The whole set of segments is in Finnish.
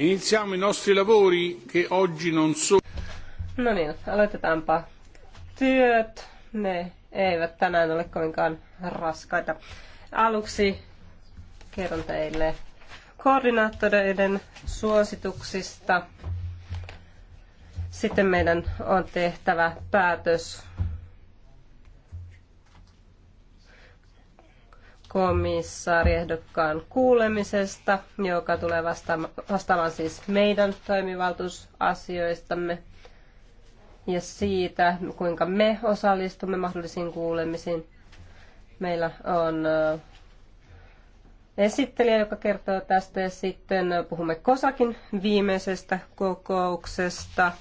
Iniziamo i nostri lavori che oggi non sono. No niin, aloitetaanpa työt. Ne eivät tänään ole kovinkaan raskaita. Aluksi kerron teille koordinaattoreiden suosituksista. Sitten meidän on tehtävä päätös komissaariehdokkaan kuulemisesta, joka tulee vastaamaan siis meidän toimivaltuusasioistamme ja siitä, kuinka me osallistumme mahdollisiin kuulemisiin. Meillä on esittelijä, joka kertoo tästä ja sitten puhumme Kosakin viimeisestä kokouksesta –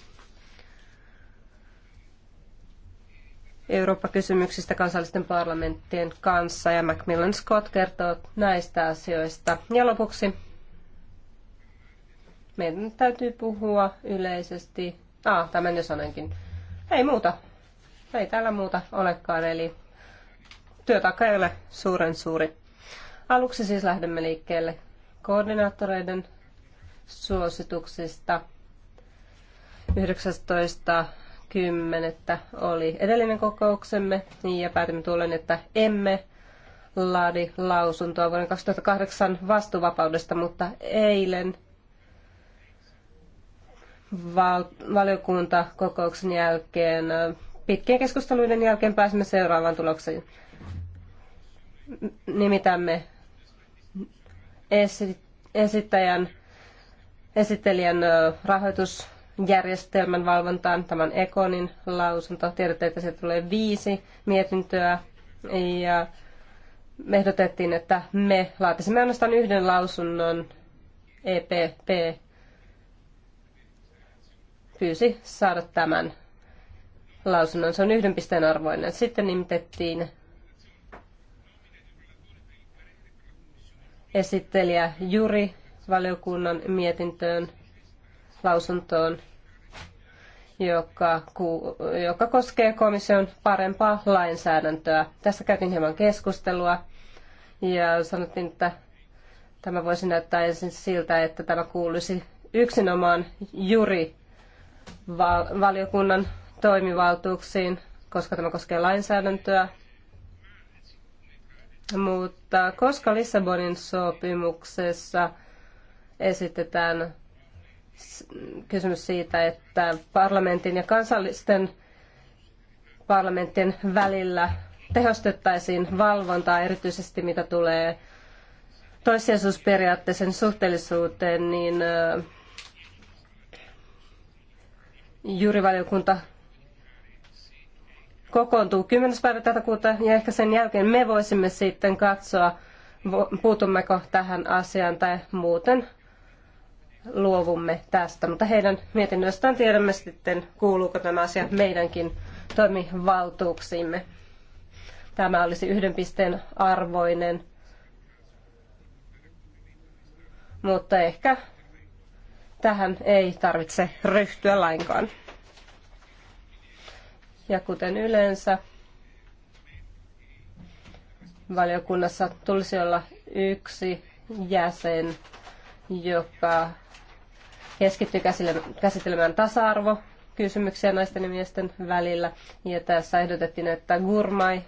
Eurooppa-kysymyksistä kansallisten parlamenttien kanssa ja Macmillan Scott kertoo näistä asioista. Ja lopuksi meidän täytyy puhua yleisesti. Ah, tämän jo sanoinkin. Ei muuta. Ei täällä muuta olekaan, eli työtaakka ei ole suuren suuri. Aluksi siis lähdemme liikkeelle koordinaattoreiden suosituksista. 19. Kymmenettä oli edellinen kokouksemme ja päätimme tuolloin, että emme laadi lausuntoa vuoden 2008 vastuuvapaudesta, mutta eilen val- valiokuntakokouksen jälkeen, pitkien keskusteluiden jälkeen pääsimme seuraavaan tulokseen. Nimitämme esittäjän, esittelijän rahoitus järjestelmän valvontaan. Tämä on Ekonin lausunto. Tiedätte, että se tulee viisi mietintöä ja me ehdotettiin, että me laatisimme ainoastaan yhden lausunnon. EPP pyysi saada tämän lausunnon. Se on yhden pisteen arvoinen. Sitten nimitettiin esittelijä Juri valiokunnan mietintöön lausuntoon, joka, joka koskee komission parempaa lainsäädäntöä. Tässä käytiin hieman keskustelua ja sanottiin, että tämä voisi näyttää ensin siltä, että tämä kuuluisi yksinomaan juri valiokunnan toimivaltuuksiin, koska tämä koskee lainsäädäntöä. Mutta koska Lissabonin sopimuksessa esitetään kysymys siitä, että parlamentin ja kansallisten parlamenttien välillä tehostettaisiin valvontaa, erityisesti mitä tulee toissijaisuusperiaatteeseen suhteellisuuteen, niin äh, juurivaliokunta kokoontuu 10. päivä tätä kuuta ja ehkä sen jälkeen me voisimme sitten katsoa, puutummeko tähän asiaan tai muuten luovumme tästä, mutta heidän mietinnöstään tiedämme sitten, kuuluuko tämä asia meidänkin toimivaltuuksiimme. Tämä olisi yhden pisteen arvoinen, mutta ehkä tähän ei tarvitse ryhtyä lainkaan. Ja kuten yleensä, valiokunnassa tulisi olla yksi jäsen, joka keskittyy käsittelemään tasa-arvo kysymyksiä naisten ja miesten välillä. Ja tässä ehdotettiin, että Gurmai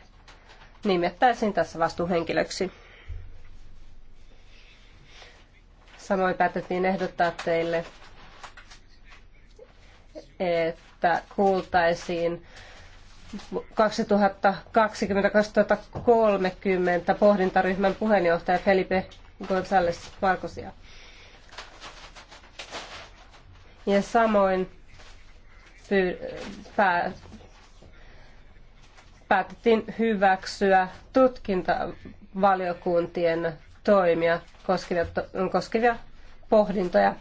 nimettäisiin tässä vastuuhenkilöksi. Samoin päätettiin ehdottaa teille, että kuultaisiin 2020-2030 pohdintaryhmän puheenjohtaja Felipe González Marcosia. Ja samoin pyy- pää- päätettiin hyväksyä tutkintavaliokuntien toimia koskevia, koskevia pohdintoja.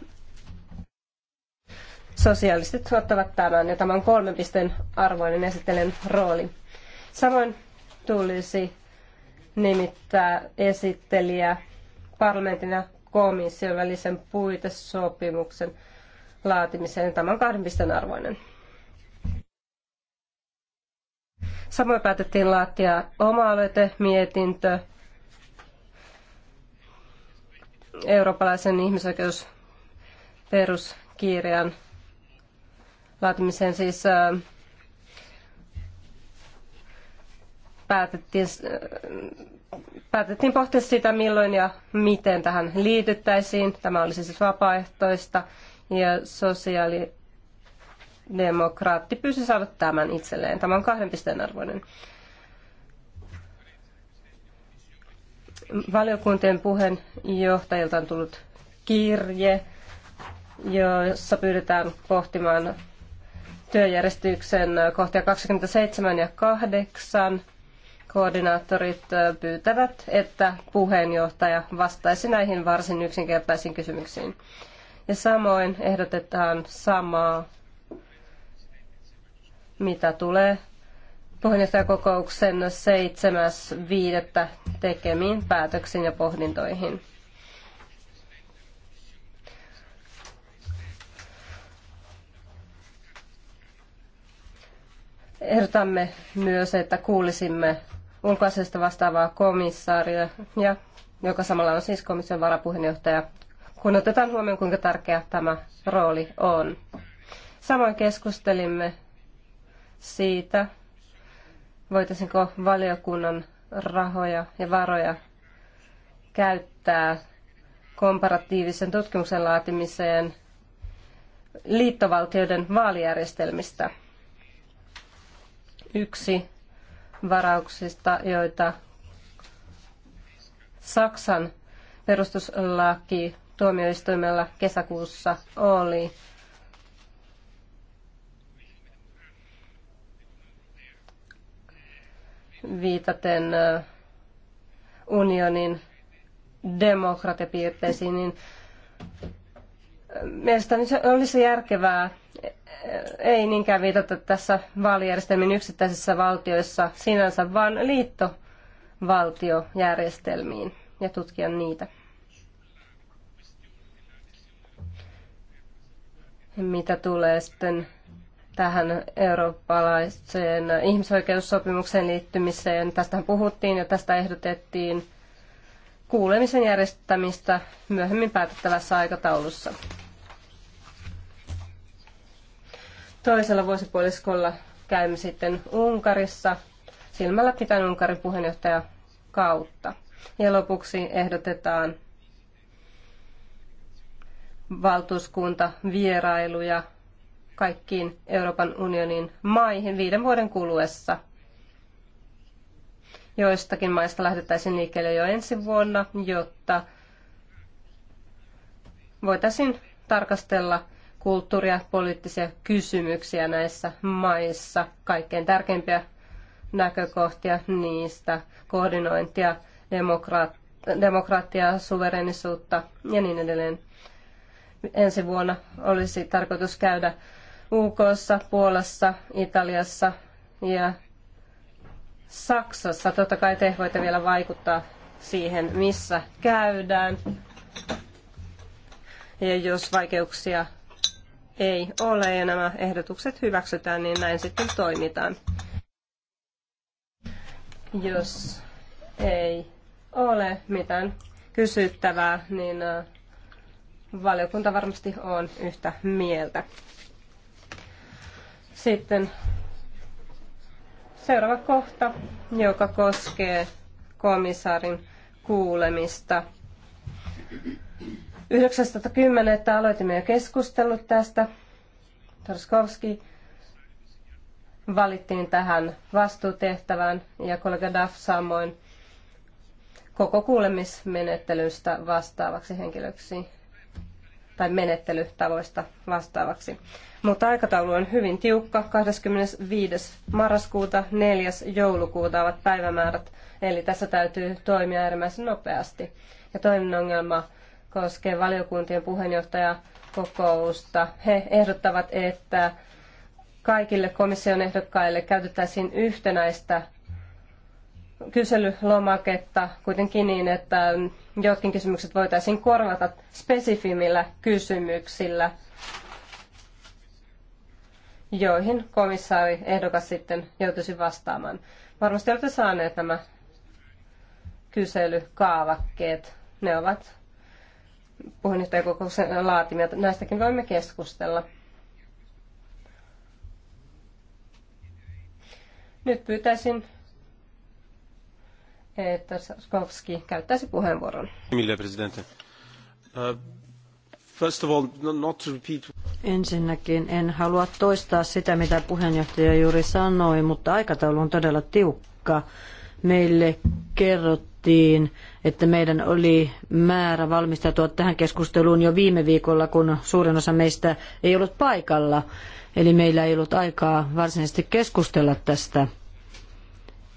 Sosialistit tuottavat tämän ja tämän kolmen pisteen arvoinen esittelen rooli. Samoin tulisi nimittää esittelijä parlamentin ja komission välisen puitesopimuksen laatimiseen. Tämä on kahden pisteen arvoinen. Samoin päätettiin laatia oma mietintö eurooppalaisen ihmisoikeusperuskirjan laatimiseen. Siis päätettiin, päätettiin pohtia sitä, milloin ja miten tähän liityttäisiin. Tämä olisi siis vapaaehtoista ja sosiaalidemokraatti pyysi saada tämän itselleen. Tämä on kahden pisteen arvoinen. Valiokuntien puheenjohtajilta on tullut kirje, jossa pyydetään pohtimaan työjärjestyksen kohtia 27 ja 8 koordinaattorit pyytävät, että puheenjohtaja vastaisi näihin varsin yksinkertaisiin kysymyksiin. Ja samoin ehdotetaan samaa, mitä tulee puheenjohtajakokouksen 7.5. tekemiin päätöksiin ja pohdintoihin. Ehdotamme myös, että kuulisimme ulkoasiasta vastaavaa komissaaria, ja, joka samalla on siis komission varapuheenjohtaja kun otetaan huomioon, kuinka tärkeä tämä rooli on. Samoin keskustelimme siitä, voitaisinko valiokunnan rahoja ja varoja käyttää komparatiivisen tutkimuksen laatimiseen liittovaltioiden vaalijärjestelmistä. Yksi varauksista, joita Saksan perustuslaki tuomioistuimella kesäkuussa oli. Viitaten unionin demokratiapiirteisiin, niin mielestäni se olisi järkevää, ei niinkään viitata tässä vaalijärjestelmin yksittäisissä valtioissa sinänsä, vaan liittovaltiojärjestelmiin ja tutkia niitä. mitä tulee sitten tähän eurooppalaiseen ihmisoikeussopimukseen liittymiseen. Tästähän puhuttiin ja tästä ehdotettiin kuulemisen järjestämistä myöhemmin päätettävässä aikataulussa. Toisella vuosipuoliskolla käymme sitten Unkarissa silmällä pitäen Unkarin puheenjohtaja kautta. Ja lopuksi ehdotetaan valtuuskunta vierailuja kaikkiin Euroopan unionin maihin viiden vuoden kuluessa. Joistakin maista lähdettäisiin liikkeelle jo ensi vuonna, jotta voitaisiin tarkastella kulttuuria, poliittisia kysymyksiä näissä maissa, kaikkein tärkeimpiä näkökohtia niistä, koordinointia, demokratiaa, suverenisuutta ja niin edelleen. Ensi vuonna olisi tarkoitus käydä UKssa, Puolassa, Italiassa ja Saksassa. Totta kai te voitte vielä vaikuttaa siihen, missä käydään. Ja jos vaikeuksia ei ole ja nämä ehdotukset hyväksytään, niin näin sitten toimitaan. Jos ei ole mitään kysyttävää, niin äh, valiokunta varmasti on yhtä mieltä. Sitten seuraava kohta, joka koskee komissaarin kuulemista. 19.10. aloitimme jo keskustelut tästä. Torskovski valittiin tähän vastuutehtävään ja kollega Duff samoin koko kuulemismenettelystä vastaavaksi henkilöksi tai menettelytavoista vastaavaksi. Mutta aikataulu on hyvin tiukka. 25. marraskuuta, 4. joulukuuta ovat päivämäärät, eli tässä täytyy toimia äärimmäisen nopeasti. Ja toinen ongelma koskee valiokuntien puheenjohtajakokousta. He ehdottavat, että kaikille komission ehdokkaille käytettäisiin yhtenäistä kyselylomaketta kuitenkin niin, että jotkin kysymykset voitaisiin korvata spesifimmillä kysymyksillä, joihin komissaari ehdokas sitten joutuisi vastaamaan. Varmasti olette saaneet nämä kyselykaavakkeet. Ne ovat puheenjohtajakokouksen laatimia. Näistäkin voimme keskustella. Nyt pyytäisin että Skovski käyttäisi puheenvuoron. Uh, Ensinnäkin en halua toistaa sitä, mitä puheenjohtaja juuri sanoi, mutta aikataulu on todella tiukka. Meille kerrottiin, että meidän oli määrä valmistautua tähän keskusteluun jo viime viikolla, kun suurin osa meistä ei ollut paikalla. Eli meillä ei ollut aikaa varsinaisesti keskustella tästä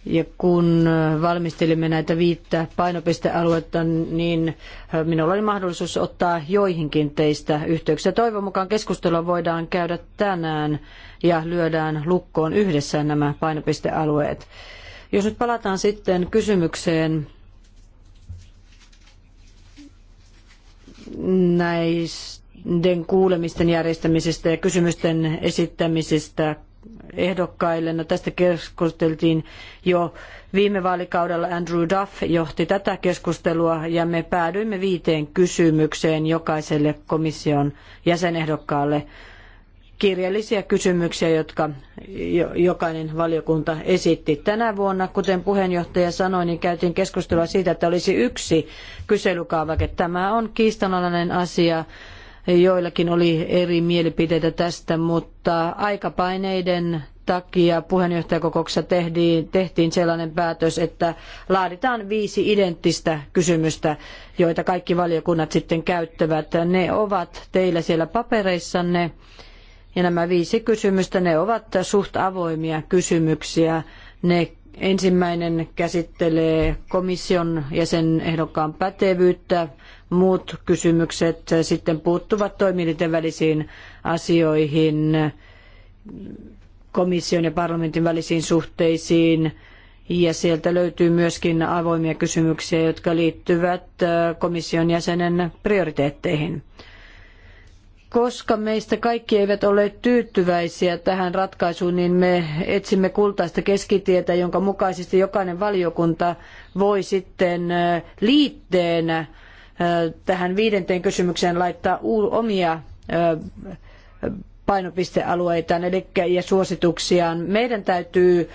ja kun valmistelimme näitä viittä painopistealuetta, niin minulla oli mahdollisuus ottaa joihinkin teistä yhteyksiä. Toivon mukaan keskustelua voidaan käydä tänään ja lyödään lukkoon yhdessä nämä painopistealueet. Jos nyt palataan sitten kysymykseen näiden kuulemisten järjestämisestä ja kysymysten esittämisestä ehdokkaille. No, tästä keskusteltiin jo viime vaalikaudella. Andrew Duff johti tätä keskustelua ja me päädyimme viiteen kysymykseen jokaiselle komission jäsenehdokkaalle kirjallisia kysymyksiä, jotka jokainen valiokunta esitti. Tänä vuonna, kuten puheenjohtaja sanoi, niin käytiin keskustelua siitä, että olisi yksi kyselykaavake. Tämä on kiistanalainen asia Joillakin oli eri mielipiteitä tästä, mutta aikapaineiden takia puheenjohtajakokouksessa tehtiin, tehtiin sellainen päätös, että laaditaan viisi identtistä kysymystä, joita kaikki valiokunnat sitten käyttävät. Ne ovat teillä siellä papereissanne. Ja nämä viisi kysymystä, ne ovat suht avoimia kysymyksiä. Ne Ensimmäinen käsittelee komission jäsenehdokkaan pätevyyttä. Muut kysymykset sitten puuttuvat toimielinten välisiin asioihin, komission ja parlamentin välisiin suhteisiin. Ja sieltä löytyy myöskin avoimia kysymyksiä, jotka liittyvät komission jäsenen prioriteetteihin. Koska meistä kaikki eivät ole tyytyväisiä tähän ratkaisuun, niin me etsimme kultaista keskitietä, jonka mukaisesti jokainen valiokunta voi sitten liitteenä tähän viidenteen kysymykseen laittaa omia painopistealueitaan eli, ja suosituksiaan. Meidän täytyy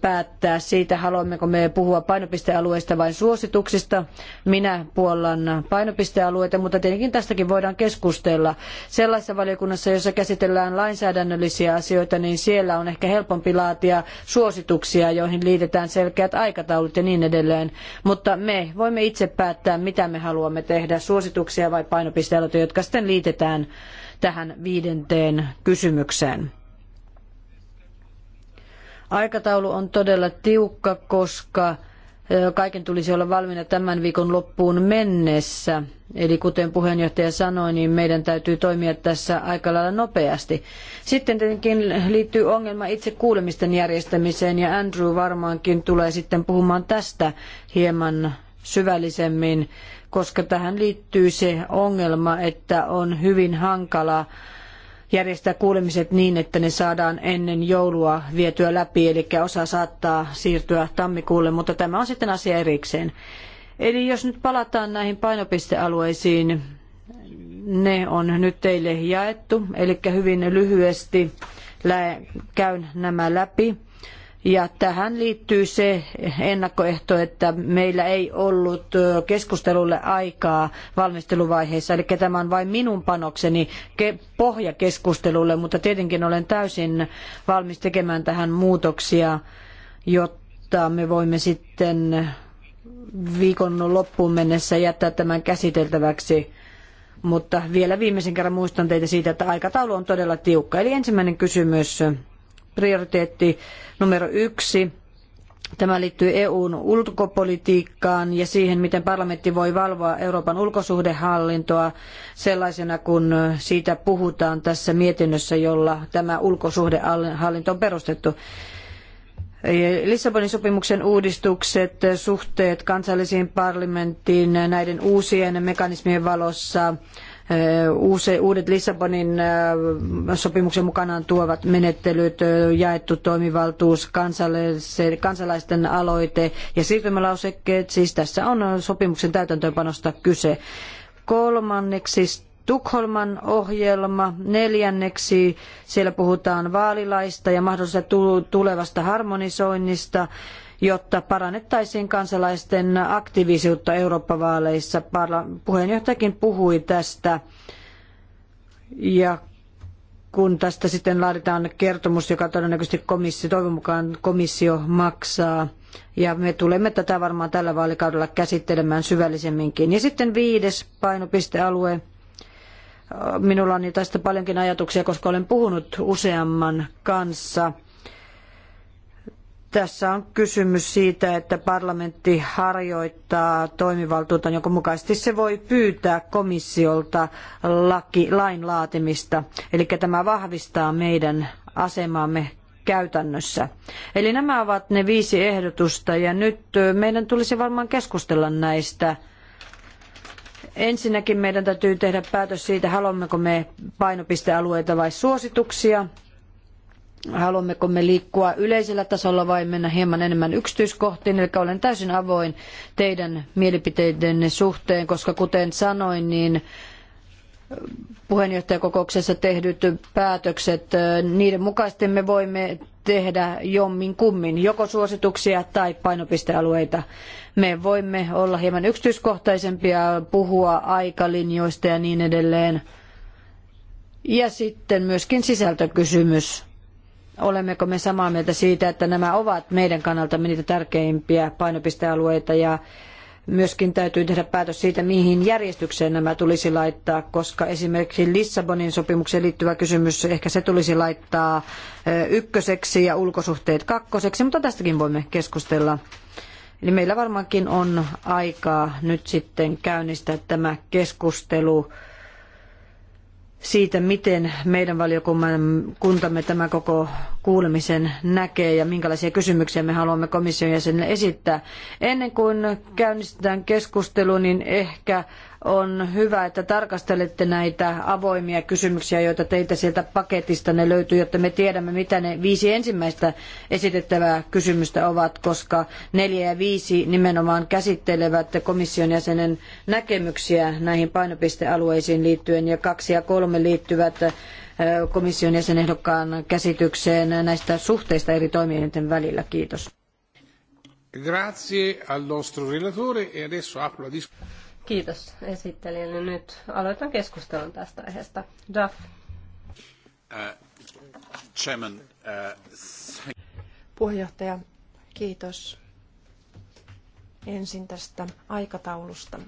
päättää siitä, haluammeko me puhua painopistealueista vai suosituksista. Minä puollan painopistealueita, mutta tietenkin tästäkin voidaan keskustella. Sellaisessa valiokunnassa, jossa käsitellään lainsäädännöllisiä asioita, niin siellä on ehkä helpompi laatia suosituksia, joihin liitetään selkeät aikataulut ja niin edelleen. Mutta me voimme itse päättää, mitä me haluamme tehdä, suosituksia vai painopistealueita, jotka sitten liitetään tähän viidenteen kysymykseen. Aikataulu on todella tiukka, koska kaiken tulisi olla valmiina tämän viikon loppuun mennessä. Eli kuten puheenjohtaja sanoi, niin meidän täytyy toimia tässä aika lailla nopeasti. Sitten tietenkin liittyy ongelma itse kuulemisten järjestämiseen ja Andrew varmaankin tulee sitten puhumaan tästä hieman syvällisemmin koska tähän liittyy se ongelma, että on hyvin hankala järjestää kuulemiset niin, että ne saadaan ennen joulua vietyä läpi, eli osa saattaa siirtyä tammikuulle, mutta tämä on sitten asia erikseen. Eli jos nyt palataan näihin painopistealueisiin, ne on nyt teille jaettu, eli hyvin lyhyesti käyn nämä läpi. Ja tähän liittyy se ennakkoehto, että meillä ei ollut keskustelulle aikaa valmisteluvaiheessa, eli tämä on vain minun panokseni pohja keskustelulle, mutta tietenkin olen täysin valmis tekemään tähän muutoksia, jotta me voimme sitten viikon loppuun mennessä jättää tämän käsiteltäväksi. Mutta vielä viimeisen kerran muistan teitä siitä, että aikataulu on todella tiukka. Eli ensimmäinen kysymys prioriteetti numero yksi. Tämä liittyy EUn ulkopolitiikkaan ja siihen, miten parlamentti voi valvoa Euroopan ulkosuhdehallintoa sellaisena, kun siitä puhutaan tässä mietinnössä, jolla tämä ulkosuhdehallinto on perustettu. Lissabonin sopimuksen uudistukset, suhteet kansallisiin parlamenttiin näiden uusien mekanismien valossa uudet Lissabonin sopimuksen mukanaan tuovat menettelyt, jaettu toimivaltuus, kansalaisten aloite ja siirtymälausekkeet. Siis tässä on sopimuksen täytäntöönpanosta kyse. Kolmanneksi Tukholman ohjelma. Neljänneksi siellä puhutaan vaalilaista ja mahdollisesta tulevasta harmonisoinnista jotta parannettaisiin kansalaisten aktiivisuutta Eurooppa-vaaleissa. Puheenjohtajakin puhui tästä ja kun tästä sitten laaditaan kertomus, joka todennäköisesti komissio, toivon mukaan komissio maksaa. Ja me tulemme tätä varmaan tällä vaalikaudella käsittelemään syvällisemminkin. Ja sitten viides painopistealue. Minulla on tästä paljonkin ajatuksia, koska olen puhunut useamman kanssa – tässä on kysymys siitä, että parlamentti harjoittaa toimivaltuutta, jonka mukaisesti se voi pyytää komissiolta laki, lain laatimista. Eli tämä vahvistaa meidän asemaamme käytännössä. Eli nämä ovat ne viisi ehdotusta ja nyt meidän tulisi varmaan keskustella näistä. Ensinnäkin meidän täytyy tehdä päätös siitä, haluammeko me painopistealueita vai suosituksia haluammeko me liikkua yleisellä tasolla vai mennä hieman enemmän yksityiskohtiin. Eli olen täysin avoin teidän mielipiteidenne suhteen, koska kuten sanoin, niin puheenjohtajakokouksessa tehdyt päätökset, niiden mukaisesti me voimme tehdä jommin kummin, joko suosituksia tai painopistealueita. Me voimme olla hieman yksityiskohtaisempia, puhua aikalinjoista ja niin edelleen. Ja sitten myöskin sisältökysymys olemmeko me samaa mieltä siitä, että nämä ovat meidän kannalta niitä tärkeimpiä painopistealueita ja myöskin täytyy tehdä päätös siitä, mihin järjestykseen nämä tulisi laittaa, koska esimerkiksi Lissabonin sopimukseen liittyvä kysymys, ehkä se tulisi laittaa ykköseksi ja ulkosuhteet kakkoseksi, mutta tästäkin voimme keskustella. Eli meillä varmaankin on aikaa nyt sitten käynnistää tämä keskustelu siitä, miten meidän valiokuntamme tämä koko kuulemisen näkee ja minkälaisia kysymyksiä me haluamme komission jäsenille esittää. Ennen kuin käynnistetään keskustelu, niin ehkä on hyvä, että tarkastelette näitä avoimia kysymyksiä, joita teiltä sieltä paketista ne löytyy, jotta me tiedämme, mitä ne viisi ensimmäistä esitettävää kysymystä ovat, koska neljä ja viisi nimenomaan käsittelevät komission jäsenen näkemyksiä näihin painopistealueisiin liittyen ja kaksi ja kolme liittyvät komission jäsenehdokkaan käsitykseen näistä suhteista eri toimijoiden välillä. Kiitos. Grazie al nostro relatore e adesso apro la discussione. Kiitos esittelijälle. Nyt aloitan keskustelun tästä aiheesta. Duff. Uh, chairman, uh, Puheenjohtaja, kiitos ensin tästä aikataulusta.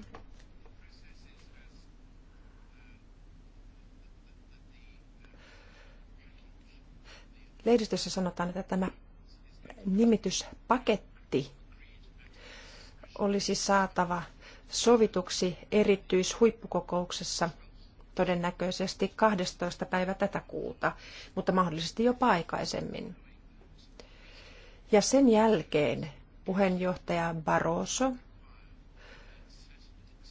Lehdistössä sanotaan, että tämä nimityspaketti olisi saatava sovituksi erityishuippukokouksessa todennäköisesti 12. päivä tätä kuuta, mutta mahdollisesti jopa aikaisemmin. Ja sen jälkeen puheenjohtaja Barroso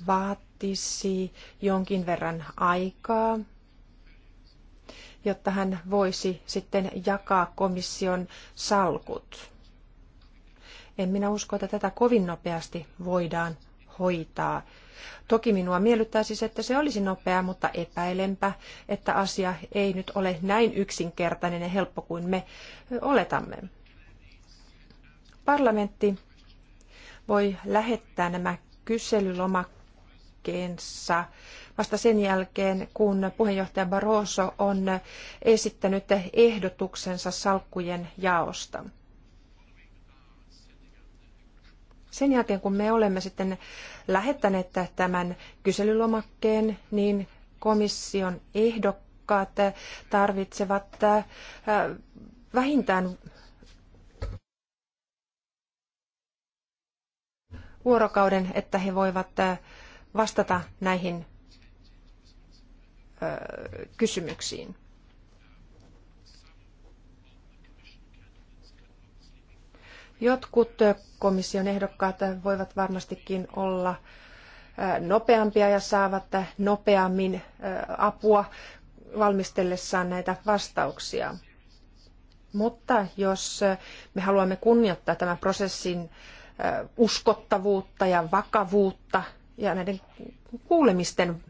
vaatisi jonkin verran aikaa, jotta hän voisi sitten jakaa komission salkut. En minä usko, että tätä kovin nopeasti voidaan hoitaa. Toki minua miellyttää siis, että se olisi nopea, mutta epäilenpä, että asia ei nyt ole näin yksinkertainen ja helppo kuin me oletamme. Parlamentti voi lähettää nämä kyselylomakkeensa vasta sen jälkeen, kun puheenjohtaja Barroso on esittänyt ehdotuksensa salkkujen jaosta. Sen jälkeen, kun me olemme sitten lähettäneet tämän kyselylomakkeen, niin komission ehdokkaat tarvitsevat vähintään vuorokauden, että he voivat vastata näihin kysymyksiin. Jotkut komission ehdokkaat voivat varmastikin olla nopeampia ja saavat nopeammin apua valmistellessaan näitä vastauksia. Mutta jos me haluamme kunnioittaa tämän prosessin uskottavuutta ja vakavuutta ja näiden kuulemisten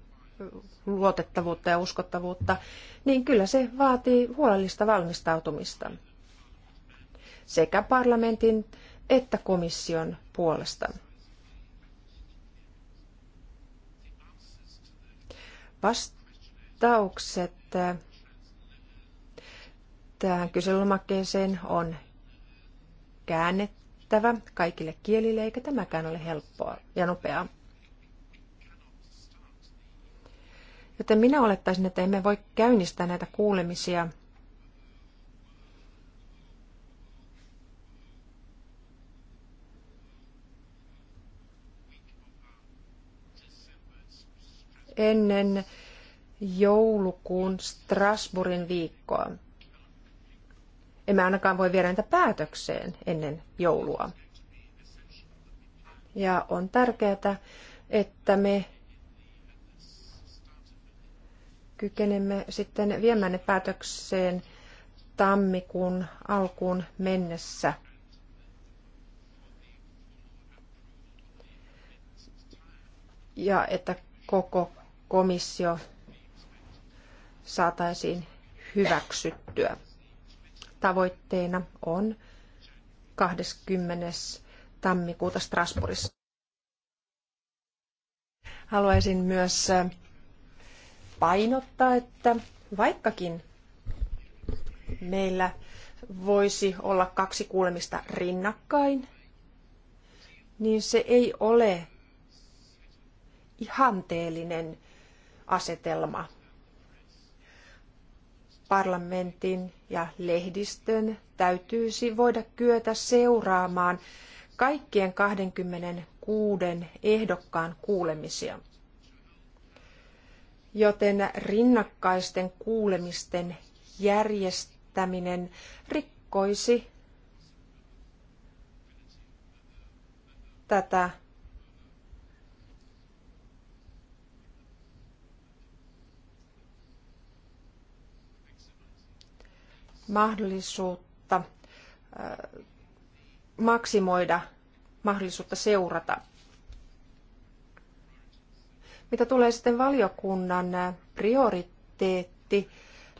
luotettavuutta ja uskottavuutta, niin kyllä se vaatii huolellista valmistautumista sekä parlamentin että komission puolesta. Vastaukset tähän kyselylomakkeeseen on käännettävä kaikille kielille, eikä tämäkään ole helppoa ja nopeaa. Joten minä olettaisin, että emme voi käynnistää näitä kuulemisia – ennen joulukuun Strasbourgin viikkoa. Emme ainakaan voi viedä niitä päätökseen ennen joulua. Ja on tärkeää, että me kykenemme sitten viemään ne päätökseen tammikuun alkuun mennessä. Ja että koko komissio saataisiin hyväksyttyä. Tavoitteena on 20. tammikuuta Strasbourgissa. Haluaisin myös painottaa, että vaikkakin meillä voisi olla kaksi kuulemista rinnakkain, niin se ei ole ihanteellinen asetelma parlamentin ja lehdistön täytyisi voida kyetä seuraamaan kaikkien 26 ehdokkaan kuulemisia. Joten rinnakkaisten kuulemisten järjestäminen rikkoisi tätä mahdollisuutta äh, maksimoida mahdollisuutta seurata. Mitä tulee sitten valiokunnan äh, prioriteetti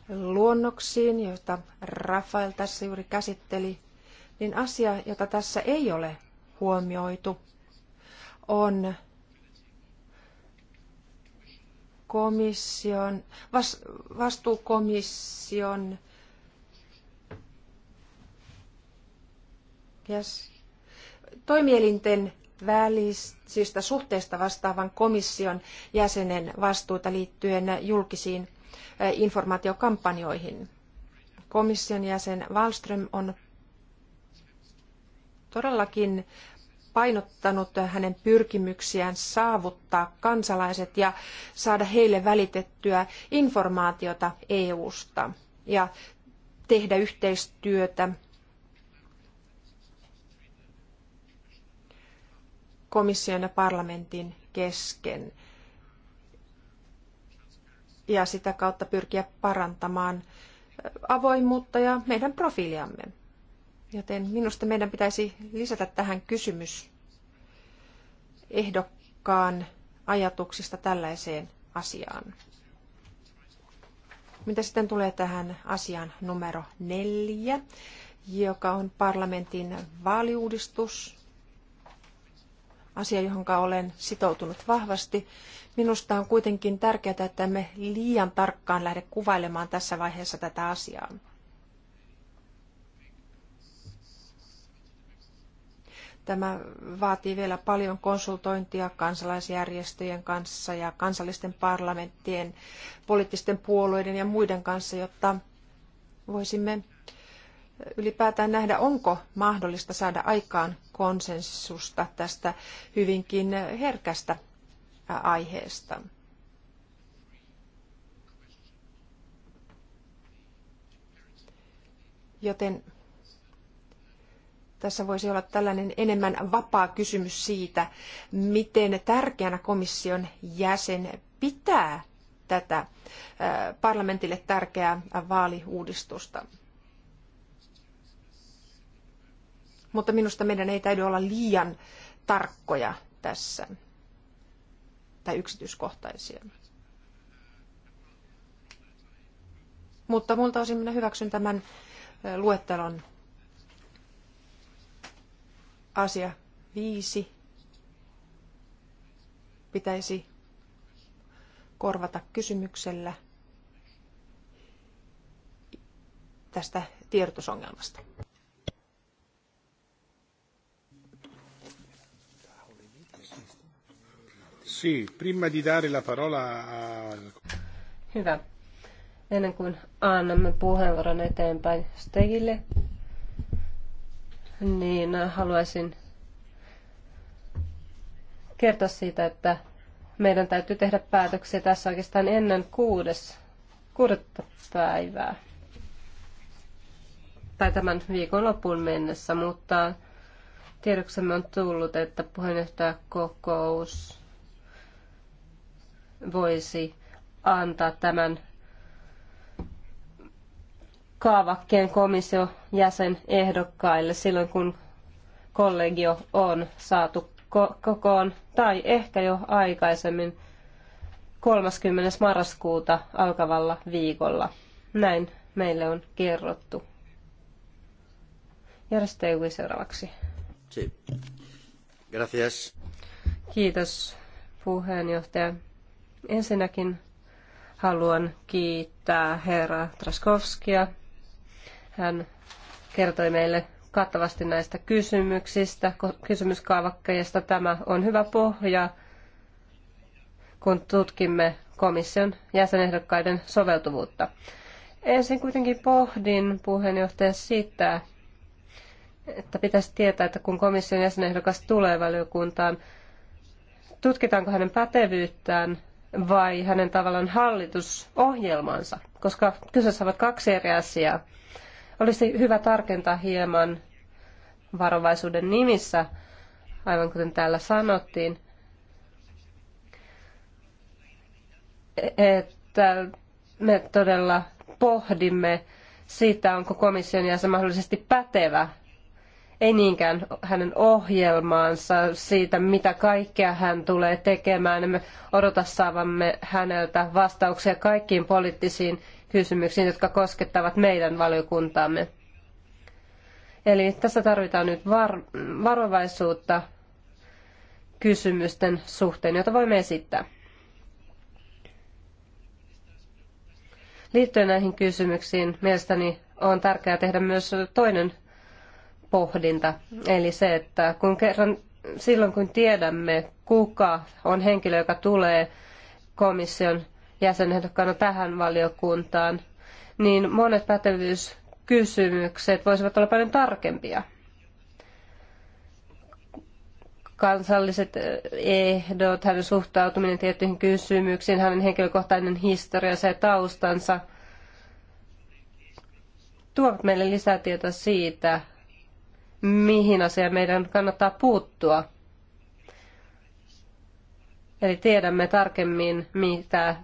luonnoksiin, joita Rafael tässä juuri käsitteli, niin asia, jota tässä ei ole huomioitu, on komission, vas, vastuukomission yes. toimielinten välisistä suhteista vastaavan komission jäsenen vastuuta liittyen julkisiin eh, informaatiokampanjoihin. Komission jäsen Wallström on todellakin painottanut hänen pyrkimyksiään saavuttaa kansalaiset ja saada heille välitettyä informaatiota EU-sta ja tehdä yhteistyötä komission ja parlamentin kesken ja sitä kautta pyrkiä parantamaan avoimuutta ja meidän profiiliamme. Joten minusta meidän pitäisi lisätä tähän kysymys ehdokkaan ajatuksista tällaiseen asiaan. Mitä sitten tulee tähän asiaan numero neljä, joka on parlamentin vaaliuudistus? asia, johon olen sitoutunut vahvasti. Minusta on kuitenkin tärkeää, että me liian tarkkaan lähde kuvailemaan tässä vaiheessa tätä asiaa. Tämä vaatii vielä paljon konsultointia kansalaisjärjestöjen kanssa ja kansallisten parlamenttien, poliittisten puolueiden ja muiden kanssa, jotta voisimme ylipäätään nähdä, onko mahdollista saada aikaan konsensusta tästä hyvinkin herkästä aiheesta. Joten tässä voisi olla tällainen enemmän vapaa kysymys siitä, miten tärkeänä komission jäsen pitää tätä parlamentille tärkeää vaaliuudistusta. mutta minusta meidän ei täydy olla liian tarkkoja tässä tai yksityiskohtaisia. Mutta multa osin minä hyväksyn tämän luettelon asia viisi pitäisi korvata kysymyksellä tästä tiedotusongelmasta. Sì, prima di dare la parola Hyvä. Ennen kuin annamme puheenvuoron eteenpäin Stegille, niin haluaisin kertoa siitä, että meidän täytyy tehdä päätöksiä tässä oikeastaan ennen kuudes, kuudetta päivää tai tämän viikon loppuun mennessä, mutta tiedoksemme on tullut, että puheenjohtajakokous voisi antaa tämän kaavakkeen komission ehdokkaille silloin, kun kollegio on saatu kokoon tai ehkä jo aikaisemmin 30. marraskuuta alkavalla viikolla. Näin meille on kerrottu. Järjestäjui seuraavaksi. Kiitos puheenjohtaja. Ensinnäkin haluan kiittää herra Traskovskia. Hän kertoi meille kattavasti näistä kysymyksistä, kysymyskaavakkeista. Tämä on hyvä pohja, kun tutkimme komission jäsenehdokkaiden soveltuvuutta. Ensin kuitenkin pohdin puheenjohtaja sitä, että pitäisi tietää, että kun komission jäsenehdokas tulee valiokuntaan, tutkitaanko hänen pätevyyttään vai hänen tavallaan hallitusohjelmansa, koska kyseessä ovat kaksi eri asiaa. Olisi hyvä tarkentaa hieman varovaisuuden nimissä, aivan kuten täällä sanottiin, että me todella pohdimme sitä, onko komission jäsen mahdollisesti pätevä ei niinkään hänen ohjelmaansa siitä, mitä kaikkea hän tulee tekemään. Emme odota saavamme häneltä vastauksia kaikkiin poliittisiin kysymyksiin, jotka koskettavat meidän valiokuntaamme. Eli tässä tarvitaan nyt var- varovaisuutta kysymysten suhteen, jota voimme esittää. Liittyen näihin kysymyksiin mielestäni on tärkeää tehdä myös toinen pohdinta. Eli se, että kun kerran, silloin kun tiedämme, kuka on henkilö, joka tulee komission jäsenehdokkaana tähän valiokuntaan, niin monet pätevyyskysymykset voisivat olla paljon tarkempia. Kansalliset eh, ehdot, hänen suhtautuminen tiettyihin kysymyksiin, hänen henkilökohtainen historiansa ja taustansa tuovat meille lisää tietoa siitä, mihin asiaan meidän kannattaa puuttua. Eli tiedämme tarkemmin, mitä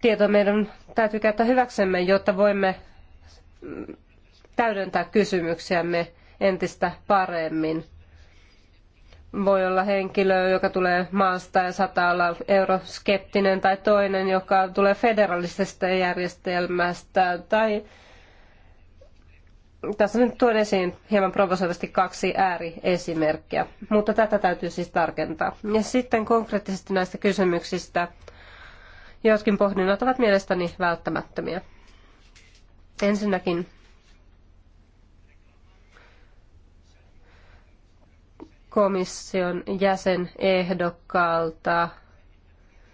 tietoa meidän täytyy käyttää hyväksemme, jotta voimme täydentää kysymyksiämme entistä paremmin. Voi olla henkilö, joka tulee maasta ja saattaa olla euroskeptinen, tai toinen, joka tulee federalistisesta järjestelmästä, tai tässä nyt tuon esiin hieman provosoivasti kaksi ääriesimerkkiä, mutta tätä täytyy siis tarkentaa. Ja sitten konkreettisesti näistä kysymyksistä. Jotkin pohdinnat ovat mielestäni välttämättömiä. Ensinnäkin komission jäsenehdokkaalta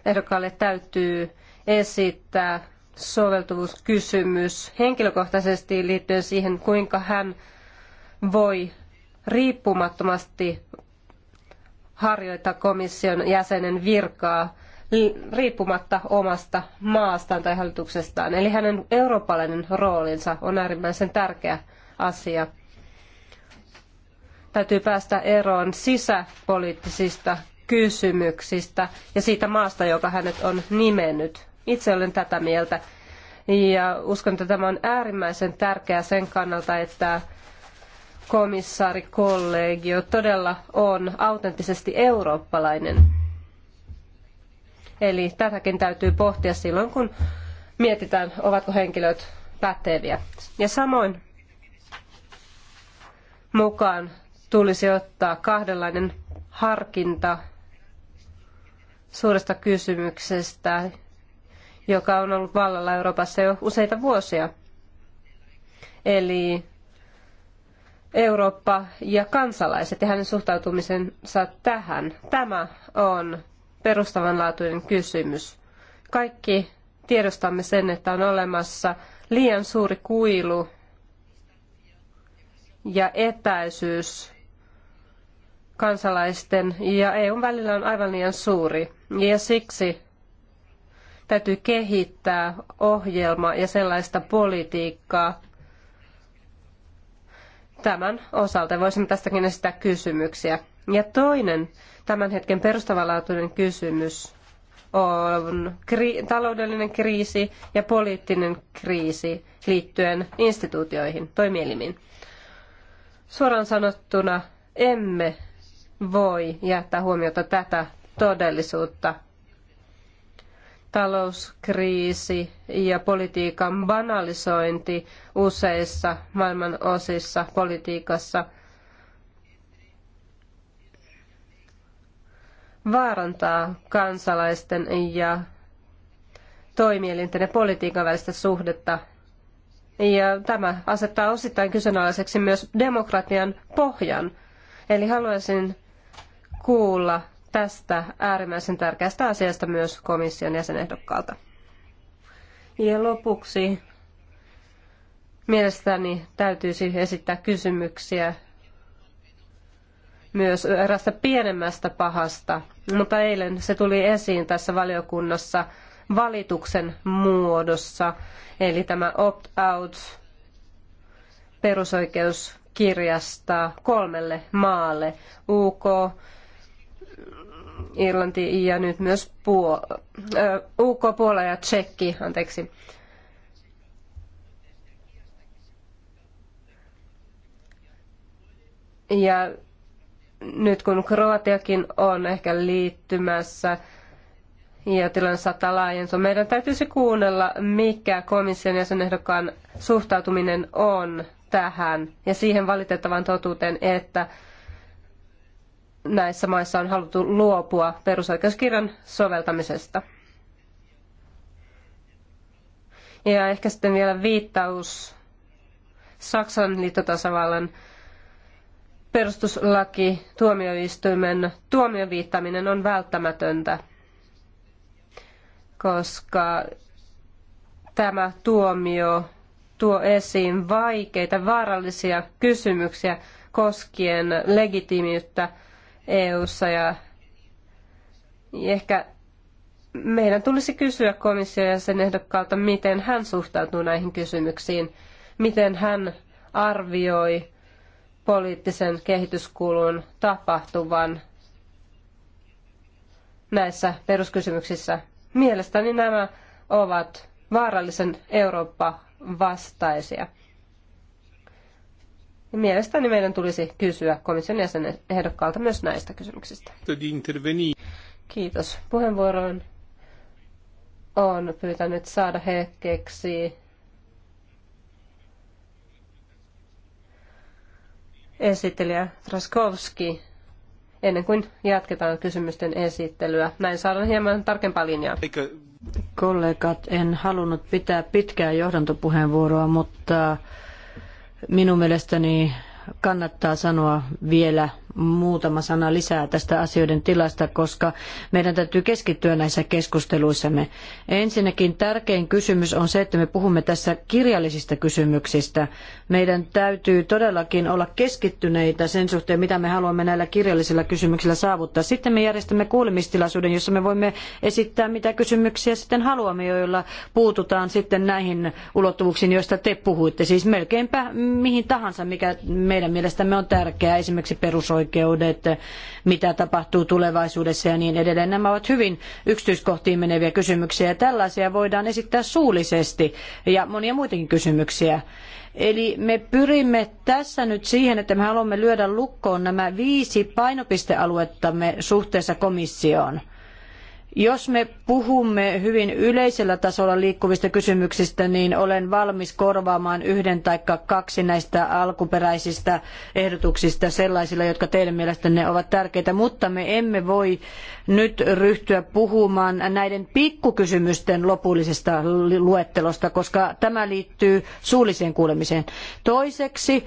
ehdokkaalle täytyy esittää soveltuvuuskysymys henkilökohtaisesti liittyen siihen, kuinka hän voi riippumattomasti harjoittaa komission jäsenen virkaa riippumatta omasta maastaan tai hallituksestaan. Eli hänen eurooppalainen roolinsa on äärimmäisen tärkeä asia. Täytyy päästä eroon sisäpoliittisista kysymyksistä ja siitä maasta, joka hänet on nimennyt. Itse olen tätä mieltä ja uskon, että tämä on äärimmäisen tärkeää sen kannalta, että kollegio todella on autenttisesti eurooppalainen. Eli tätäkin täytyy pohtia silloin, kun mietitään, ovatko henkilöt päteviä. Ja samoin mukaan tulisi ottaa kahdenlainen harkinta suuresta kysymyksestä, joka on ollut vallalla Euroopassa jo useita vuosia. Eli Eurooppa ja kansalaiset ja hänen suhtautumisensa tähän. Tämä on perustavanlaatuinen kysymys. Kaikki tiedostamme sen, että on olemassa liian suuri kuilu ja etäisyys kansalaisten ja EUn välillä on aivan liian suuri. Ja siksi Täytyy kehittää ohjelma ja sellaista politiikkaa tämän osalta. Voisimme tästäkin esittää kysymyksiä. Ja toinen tämän hetken perustavanlaatuinen kysymys on kri- taloudellinen kriisi ja poliittinen kriisi liittyen instituutioihin, toimielimiin. Suoraan sanottuna emme voi jättää huomiota tätä todellisuutta talouskriisi ja politiikan banalisointi useissa maailman osissa politiikassa vaarantaa kansalaisten ja toimielinten ja politiikan välistä suhdetta. Ja tämä asettaa osittain kyseenalaiseksi myös demokratian pohjan. Eli haluaisin kuulla tästä äärimmäisen tärkeästä asiasta myös komission jäsenehdokkaalta. Ja lopuksi mielestäni täytyisi esittää kysymyksiä myös erästä pienemmästä pahasta, mutta eilen se tuli esiin tässä valiokunnassa valituksen muodossa, eli tämä opt-out perusoikeuskirjasta kolmelle maalle, UK, Irlanti ja nyt myös Puo, UK, Puola ja Tsekki, anteeksi. Ja nyt kun Kroatiakin on ehkä liittymässä ja tilanne saattaa laajentua, meidän täytyisi kuunnella, mikä komission jäsenehdokkaan suhtautuminen on tähän ja siihen valitettavan totuuteen, että näissä maissa on haluttu luopua perusoikeuskirjan soveltamisesta. Ja ehkä sitten vielä viittaus Saksan liittotasavallan perustuslaki tuomioistuimen tuomioviittaminen on välttämätöntä, koska tämä tuomio tuo esiin vaikeita, vaarallisia kysymyksiä koskien legitiimiyttä EU-ssa ja ehkä meidän tulisi kysyä komission ja sen ehdokkaalta, miten hän suhtautuu näihin kysymyksiin, miten hän arvioi poliittisen kehityskulun tapahtuvan näissä peruskysymyksissä. Mielestäni nämä ovat vaarallisen Eurooppa vastaisia. Ja mielestäni meidän tulisi kysyä komission jäsenen ehdokkaalta myös näistä kysymyksistä. Kiitos puheenvuoroon. On pyytänyt saada hetkeksi esittelijä Traskowski ennen kuin jatketaan kysymysten esittelyä. Näin saadaan hieman tarkempaa linjaa. Kollegat, en halunnut pitää pitkää johdantopuheenvuoroa, mutta Minun mielestäni kannattaa sanoa vielä muutama sana lisää tästä asioiden tilasta, koska meidän täytyy keskittyä näissä keskusteluissamme. Ensinnäkin tärkein kysymys on se, että me puhumme tässä kirjallisista kysymyksistä. Meidän täytyy todellakin olla keskittyneitä sen suhteen, mitä me haluamme näillä kirjallisilla kysymyksillä saavuttaa. Sitten me järjestämme kuulemistilaisuuden, jossa me voimme esittää, mitä kysymyksiä sitten haluamme, joilla puututaan sitten näihin ulottuvuuksiin, joista te puhuitte. Siis melkeinpä mihin tahansa, mikä meidän mielestämme on tärkeää, esimerkiksi perusoikeudet ihmisoikeudet, mitä tapahtuu tulevaisuudessa ja niin edelleen. Nämä ovat hyvin yksityiskohtiin meneviä kysymyksiä ja tällaisia voidaan esittää suullisesti ja monia muitakin kysymyksiä. Eli me pyrimme tässä nyt siihen, että me haluamme lyödä lukkoon nämä viisi painopistealuettamme suhteessa komissioon – jos me puhumme hyvin yleisellä tasolla liikkuvista kysymyksistä, niin olen valmis korvaamaan yhden tai kaksi näistä alkuperäisistä ehdotuksista sellaisilla, jotka teidän mielestänne ovat tärkeitä, mutta me emme voi nyt ryhtyä puhumaan näiden pikkukysymysten lopullisesta luettelosta, koska tämä liittyy suulliseen kuulemiseen. Toiseksi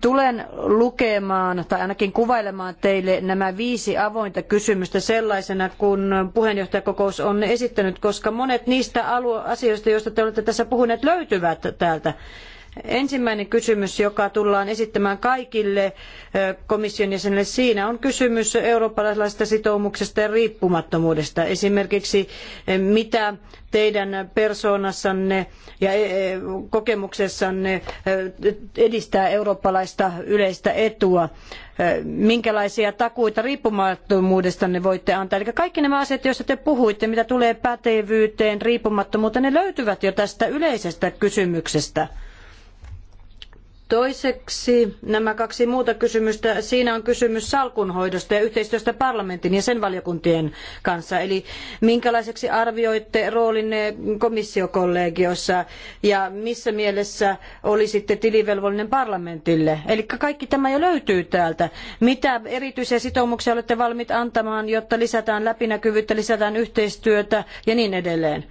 Tulen lukemaan tai ainakin kuvailemaan teille nämä viisi avointa kysymystä sellaisena, kun puheenjohtajakokous on esittänyt, koska monet niistä asioista, joista te olette tässä puhuneet, löytyvät täältä Ensimmäinen kysymys, joka tullaan esittämään kaikille komission jäsenille, siinä on kysymys eurooppalaisesta sitoumuksesta ja riippumattomuudesta. Esimerkiksi mitä teidän persoonassanne ja e, e, kokemuksessanne edistää eurooppalaista yleistä etua minkälaisia takuita riippumattomuudestanne voitte antaa. Eli kaikki nämä asiat, joista te puhuitte, mitä tulee pätevyyteen, riippumattomuuteen, ne löytyvät jo tästä yleisestä kysymyksestä. Toiseksi nämä kaksi muuta kysymystä. Siinä on kysymys salkunhoidosta ja yhteistyöstä parlamentin ja sen valiokuntien kanssa. Eli minkälaiseksi arvioitte roolinne komissiokollegiossa ja missä mielessä olisitte tilivelvollinen parlamentille? Eli kaikki tämä jo löytyy täältä. Mitä erityisiä sitoumuksia olette valmiit antamaan, jotta lisätään läpinäkyvyyttä, lisätään yhteistyötä ja niin edelleen?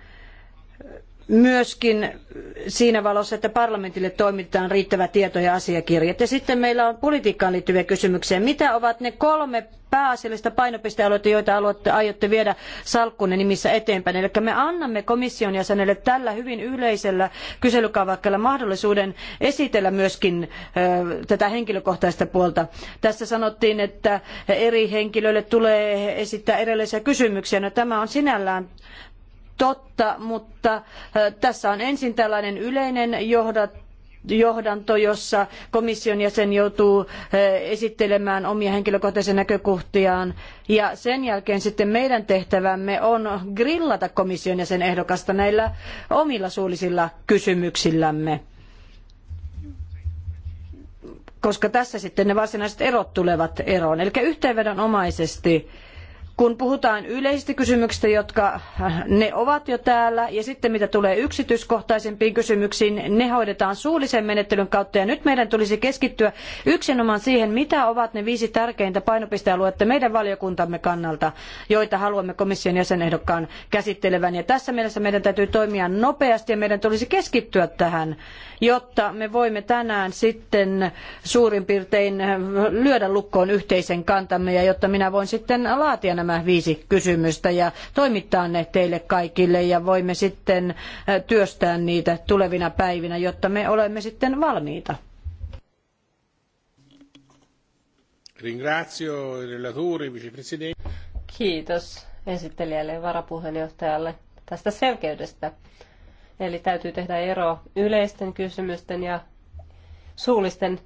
myöskin siinä valossa, että parlamentille toimitetaan riittävä tieto ja asiakirjat. Ja sitten meillä on politiikkaan liittyviä kysymyksiä. Mitä ovat ne kolme pääasiallista painopistealuetta, joita aluette, aiotte viedä salkkunne nimissä eteenpäin? Eli me annamme komission jäsenelle tällä hyvin yleisellä kyselykaavakkeella mahdollisuuden esitellä myöskin tätä henkilökohtaista puolta. Tässä sanottiin, että eri henkilöille tulee esittää erilaisia kysymyksiä. No, tämä on sinällään totta, mutta tässä on ensin tällainen yleinen johdat johdanto, jossa komission jäsen joutuu esittelemään omia henkilökohtaisia näkökohtiaan. Ja sen jälkeen sitten meidän tehtävämme on grillata komission jäsen ehdokasta näillä omilla suullisilla kysymyksillämme. Koska tässä sitten ne varsinaiset erot tulevat eroon. Eli yhteenvedonomaisesti omaisesti kun puhutaan yleisistä kysymyksistä, jotka äh, ne ovat jo täällä, ja sitten mitä tulee yksityiskohtaisempiin kysymyksiin, ne hoidetaan suullisen menettelyn kautta. Ja nyt meidän tulisi keskittyä yksinomaan siihen, mitä ovat ne viisi tärkeintä painopistealuetta meidän valiokuntamme kannalta, joita haluamme komission jäsenehdokkaan käsittelevän. Ja tässä mielessä meidän täytyy toimia nopeasti ja meidän tulisi keskittyä tähän jotta me voimme tänään sitten suurin piirtein lyödä lukkoon yhteisen kantamme ja jotta minä voin sitten laatia nämä viisi kysymystä ja toimittaa ne teille kaikille ja voimme sitten työstää niitä tulevina päivinä, jotta me olemme sitten valmiita. Ringrazio relatori, Kiitos esittelijälle ja varapuheenjohtajalle tästä selkeydestä. Eli täytyy tehdä ero yleisten kysymysten ja suullisten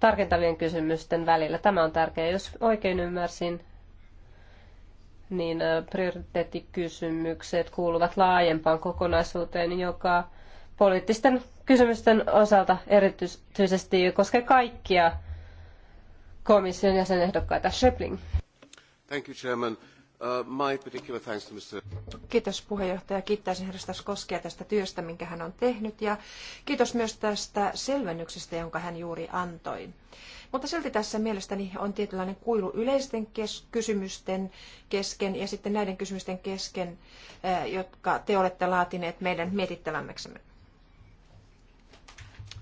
tarkentavien kysymysten välillä. Tämä on tärkeää. Jos oikein ymmärsin, niin prioriteettikysymykset kuuluvat laajempaan kokonaisuuteen, joka poliittisten kysymysten osalta erityisesti koskee kaikkia komission jäsenehdokkaita. Schöpling. Thank you, Chairman. Uh, my Kiitos puheenjohtaja. Kiittäisin herra Koskia tästä työstä, minkä hän on tehnyt ja kiitos myös tästä selvennyksestä, jonka hän juuri antoi. Mutta silti tässä mielestäni on tietynlainen kuilu yleisten kysymysten kesken ja sitten näiden kysymysten kesken, uh, jotka te olette laatineet meidän mietittävämmäksemme.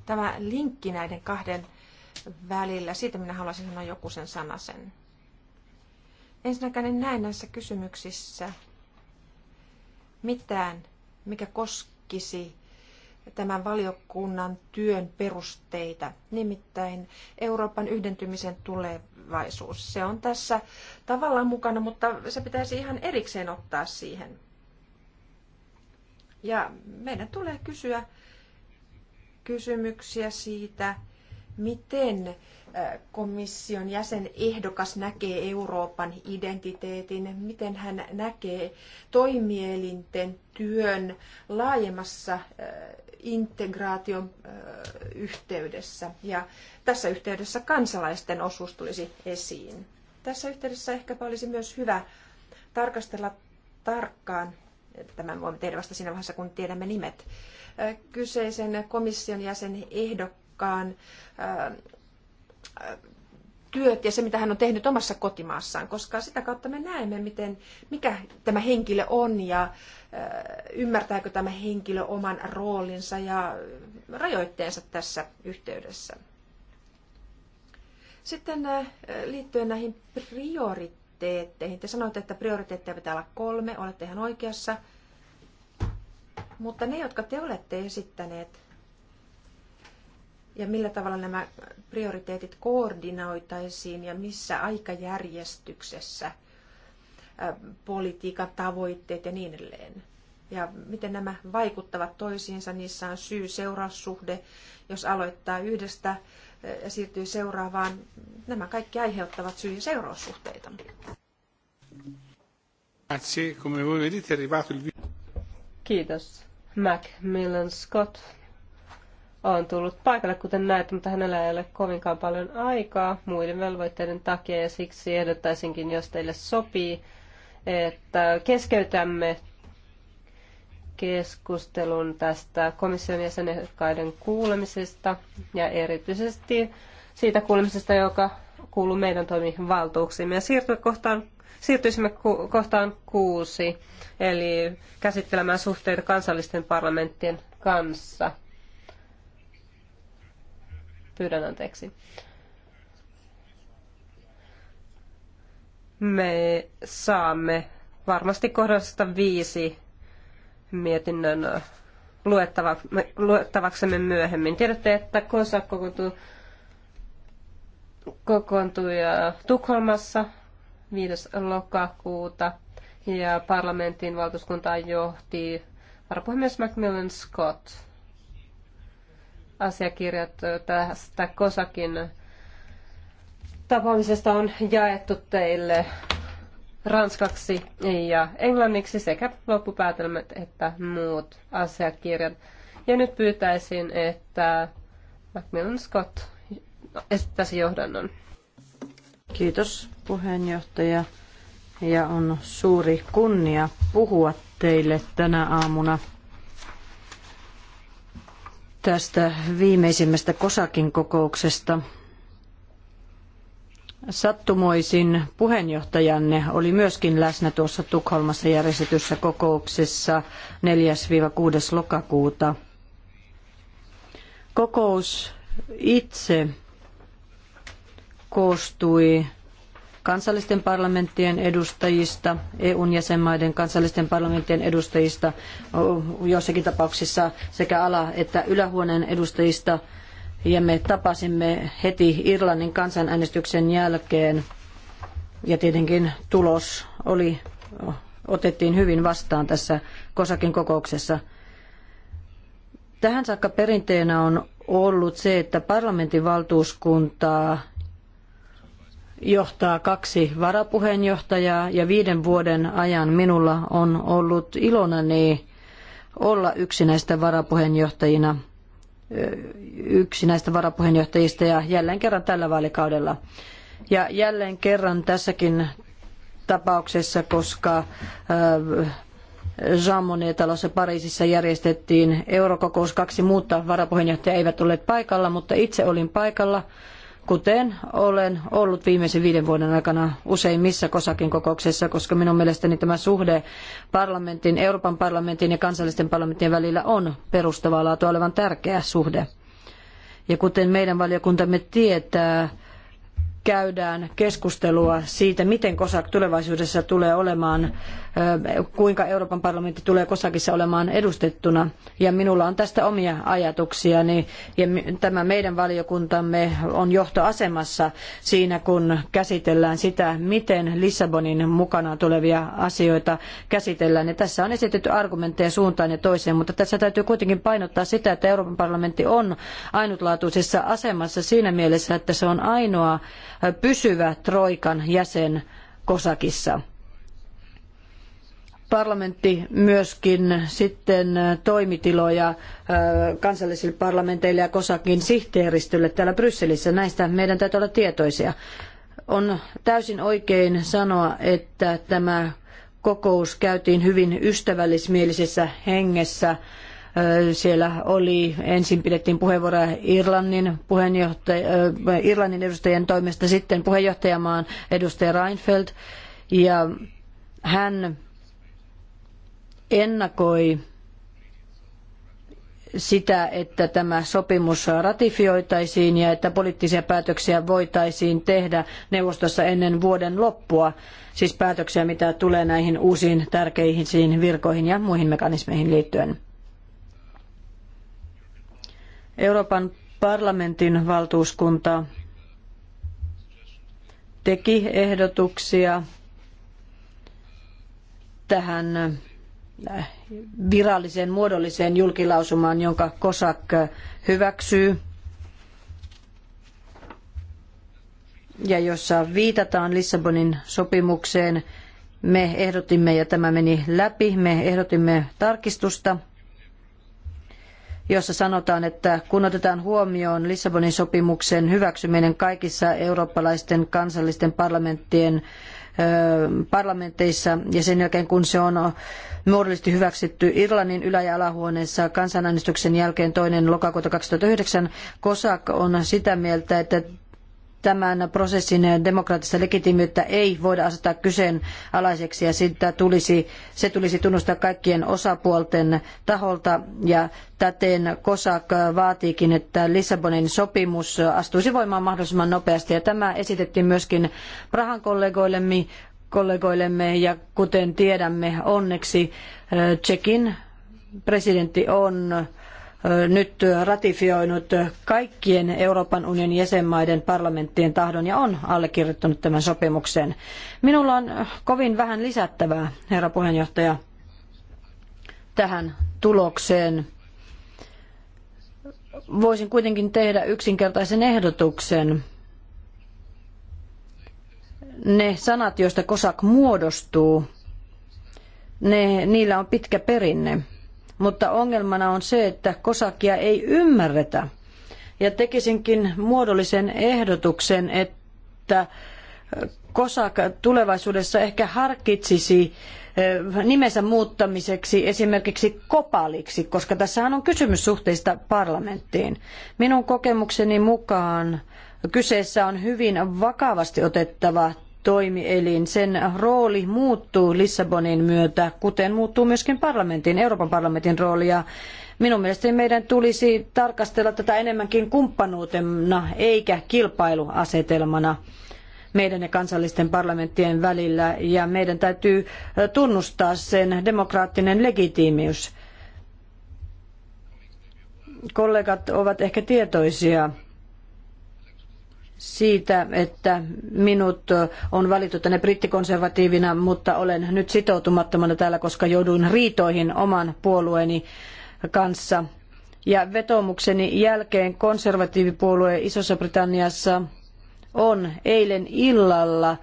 Tämä linkki näiden kahden välillä, siitä minä haluaisin sanoa joku sen sanasen. Ensinnäkään en näe näissä kysymyksissä mitään, mikä koskisi tämän valiokunnan työn perusteita, nimittäin Euroopan yhdentymisen tulevaisuus. Se on tässä tavallaan mukana, mutta se pitäisi ihan erikseen ottaa siihen. Ja meidän tulee kysyä kysymyksiä siitä, miten komission jäsenehdokas näkee Euroopan identiteetin, miten hän näkee toimielinten työn laajemmassa integraation yhteydessä. Ja tässä yhteydessä kansalaisten osuus tulisi esiin. Tässä yhteydessä ehkä olisi myös hyvä tarkastella tarkkaan, tämän voimme tehdä vasta siinä vaiheessa, kun tiedämme nimet, kyseisen komission jäsen ehdokkaan työt ja se, mitä hän on tehnyt omassa kotimaassaan, koska sitä kautta me näemme, miten, mikä tämä henkilö on ja äh, ymmärtääkö tämä henkilö oman roolinsa ja äh, rajoitteensa tässä yhteydessä. Sitten äh, liittyen näihin prioriteetteihin. Te sanoitte, että prioriteetteja pitää olla kolme, olette ihan oikeassa. Mutta ne, jotka te olette esittäneet, ja millä tavalla nämä prioriteetit koordinoitaisiin ja missä aikajärjestyksessä politiikan tavoitteet ja niin edelleen. Ja miten nämä vaikuttavat toisiinsa, niissä on syy-seuraussuhde. Jos aloittaa yhdestä ja siirtyy seuraavaan, nämä kaikki aiheuttavat syy- ja seuraussuhteita. Kiitos. Mac Millen Scott on tullut paikalle, kuten näet, mutta hänellä ei ole kovinkaan paljon aikaa muiden velvoitteiden takia ja siksi ehdottaisinkin, jos teille sopii, että keskeytämme keskustelun tästä komission jäsenehdokkaiden kuulemisesta ja erityisesti siitä kuulemisesta, joka kuuluu meidän toimivaltuuksiimme. Ja siirtymme kohtaan, siirtyisimme ku, kohtaan kuusi, eli käsittelemään suhteita kansallisten parlamenttien kanssa. Pyydän anteeksi. Me saamme varmasti kohdasta viisi mietinnön luettavaksemme myöhemmin. Tiedätte, että KOSA kokoontui, kokoontui Tukholmassa 5. lokakuuta ja parlamentin valtuuskuntaa johti varapuhemies Macmillan Scott asiakirjat tästä Kosakin tapaamisesta on jaettu teille ranskaksi ja englanniksi sekä loppupäätelmät että muut asiakirjat. Ja nyt pyytäisin, että Macmillan Scott esittäisi johdannon. Kiitos puheenjohtaja ja on suuri kunnia puhua teille tänä aamuna tästä viimeisimmästä Kosakin kokouksesta. Sattumoisin puheenjohtajanne oli myöskin läsnä tuossa Tukholmassa järjestetyssä kokouksessa 4-6. lokakuuta. Kokous itse koostui kansallisten parlamenttien edustajista, EUn jäsenmaiden kansallisten parlamenttien edustajista, joissakin tapauksissa sekä ala- että ylähuoneen edustajista. Ja me tapasimme heti Irlannin kansanäänestyksen jälkeen. Ja tietenkin tulos oli, otettiin hyvin vastaan tässä Kosakin kokouksessa. Tähän saakka perinteenä on ollut se, että parlamentin valtuuskuntaa johtaa kaksi varapuheenjohtajaa ja viiden vuoden ajan minulla on ollut ilonani olla yksi näistä varapuheenjohtajina yksi näistä varapuheenjohtajista ja jälleen kerran tällä vaalikaudella. Ja jälleen kerran tässäkin tapauksessa, koska Jean Monnet-talossa Pariisissa järjestettiin eurokokous. Kaksi muuta varapuheenjohtajaa eivät olleet paikalla, mutta itse olin paikalla kuten olen ollut viimeisen viiden vuoden aikana useimmissa kosakin kokouksissa, koska minun mielestäni tämä suhde parlamentin, Euroopan parlamentin ja kansallisten parlamenttien välillä on perustavaa laatua olevan tärkeä suhde. Ja kuten meidän valiokuntamme tietää, käydään keskustelua siitä, miten COSAC tulevaisuudessa tulee olemaan, kuinka Euroopan parlamentti tulee COSACissa olemaan edustettuna. Ja minulla on tästä omia ajatuksiani, ja tämä meidän valiokuntamme on johtoasemassa siinä, kun käsitellään sitä, miten Lissabonin mukana tulevia asioita käsitellään. Ja tässä on esitetty argumentteja suuntaan ja toiseen, mutta tässä täytyy kuitenkin painottaa sitä, että Euroopan parlamentti on ainutlaatuisessa asemassa siinä mielessä, että se on ainoa pysyvä Troikan jäsen Kosakissa. Parlamentti myöskin sitten toimitiloja kansallisille parlamenteille ja Kosakin sihteeristölle täällä Brysselissä. Näistä meidän täytyy olla tietoisia. On täysin oikein sanoa, että tämä kokous käytiin hyvin ystävällismielisessä hengessä siellä oli, ensin pidettiin puheenvuoroja Irlannin, puheenjohtaja, Irlannin edustajien toimesta, sitten puheenjohtajamaan edustaja Reinfeldt. Ja hän ennakoi sitä, että tämä sopimus ratifioitaisiin ja että poliittisia päätöksiä voitaisiin tehdä neuvostossa ennen vuoden loppua, siis päätöksiä, mitä tulee näihin uusiin tärkeisiin virkoihin ja muihin mekanismeihin liittyen. Euroopan parlamentin valtuuskunta teki ehdotuksia tähän viralliseen muodolliseen julkilausumaan, jonka COSAC hyväksyy ja jossa viitataan Lissabonin sopimukseen. Me ehdotimme, ja tämä meni läpi, me ehdotimme tarkistusta – jossa sanotaan, että kun otetaan huomioon Lissabonin sopimuksen hyväksyminen kaikissa eurooppalaisten kansallisten parlamenttien parlamenteissa ja sen jälkeen kun se on muodollisesti hyväksytty Irlannin ylä- ja alahuoneessa kansanäänestyksen jälkeen toinen lokakuuta 2009, COSAC on sitä mieltä, että tämän prosessin demokraattista legitimiyttä ei voida asettaa kyseenalaiseksi ja sitä tulisi, se tulisi tunnustaa kaikkien osapuolten taholta ja täten COSAC vaatiikin, että Lissabonin sopimus astuisi voimaan mahdollisimman nopeasti ja tämä esitettiin myöskin Prahan kollegoillemme, kollegoillemme ja kuten tiedämme onneksi eh, Tsekin presidentti on nyt ratifioinut kaikkien Euroopan unionin jäsenmaiden parlamenttien tahdon ja on allekirjoittanut tämän sopimuksen. Minulla on kovin vähän lisättävää, herra puheenjohtaja, tähän tulokseen. Voisin kuitenkin tehdä yksinkertaisen ehdotuksen. Ne sanat, joista kosak muodostuu, ne, niillä on pitkä perinne mutta ongelmana on se, että kosakia ei ymmärretä. Ja tekisinkin muodollisen ehdotuksen, että kosak tulevaisuudessa ehkä harkitsisi eh, nimensä muuttamiseksi esimerkiksi kopaliksi, koska tässähän on kysymys suhteista parlamenttiin. Minun kokemukseni mukaan kyseessä on hyvin vakavasti otettava toimielin, sen rooli muuttuu Lissabonin myötä, kuten muuttuu myöskin parlamentin, Euroopan parlamentin rooli. Ja minun mielestäni meidän tulisi tarkastella tätä enemmänkin kumppanuutena eikä kilpailuasetelmana meidän ja kansallisten parlamenttien välillä ja meidän täytyy tunnustaa sen demokraattinen legitiimiys. Kollegat ovat ehkä tietoisia siitä, että minut on valittu tänne brittikonservatiivina, mutta olen nyt sitoutumattomana täällä, koska jouduin riitoihin oman puolueeni kanssa. Ja vetomukseni jälkeen konservatiivipuolue Isossa Britanniassa on eilen illalla äh,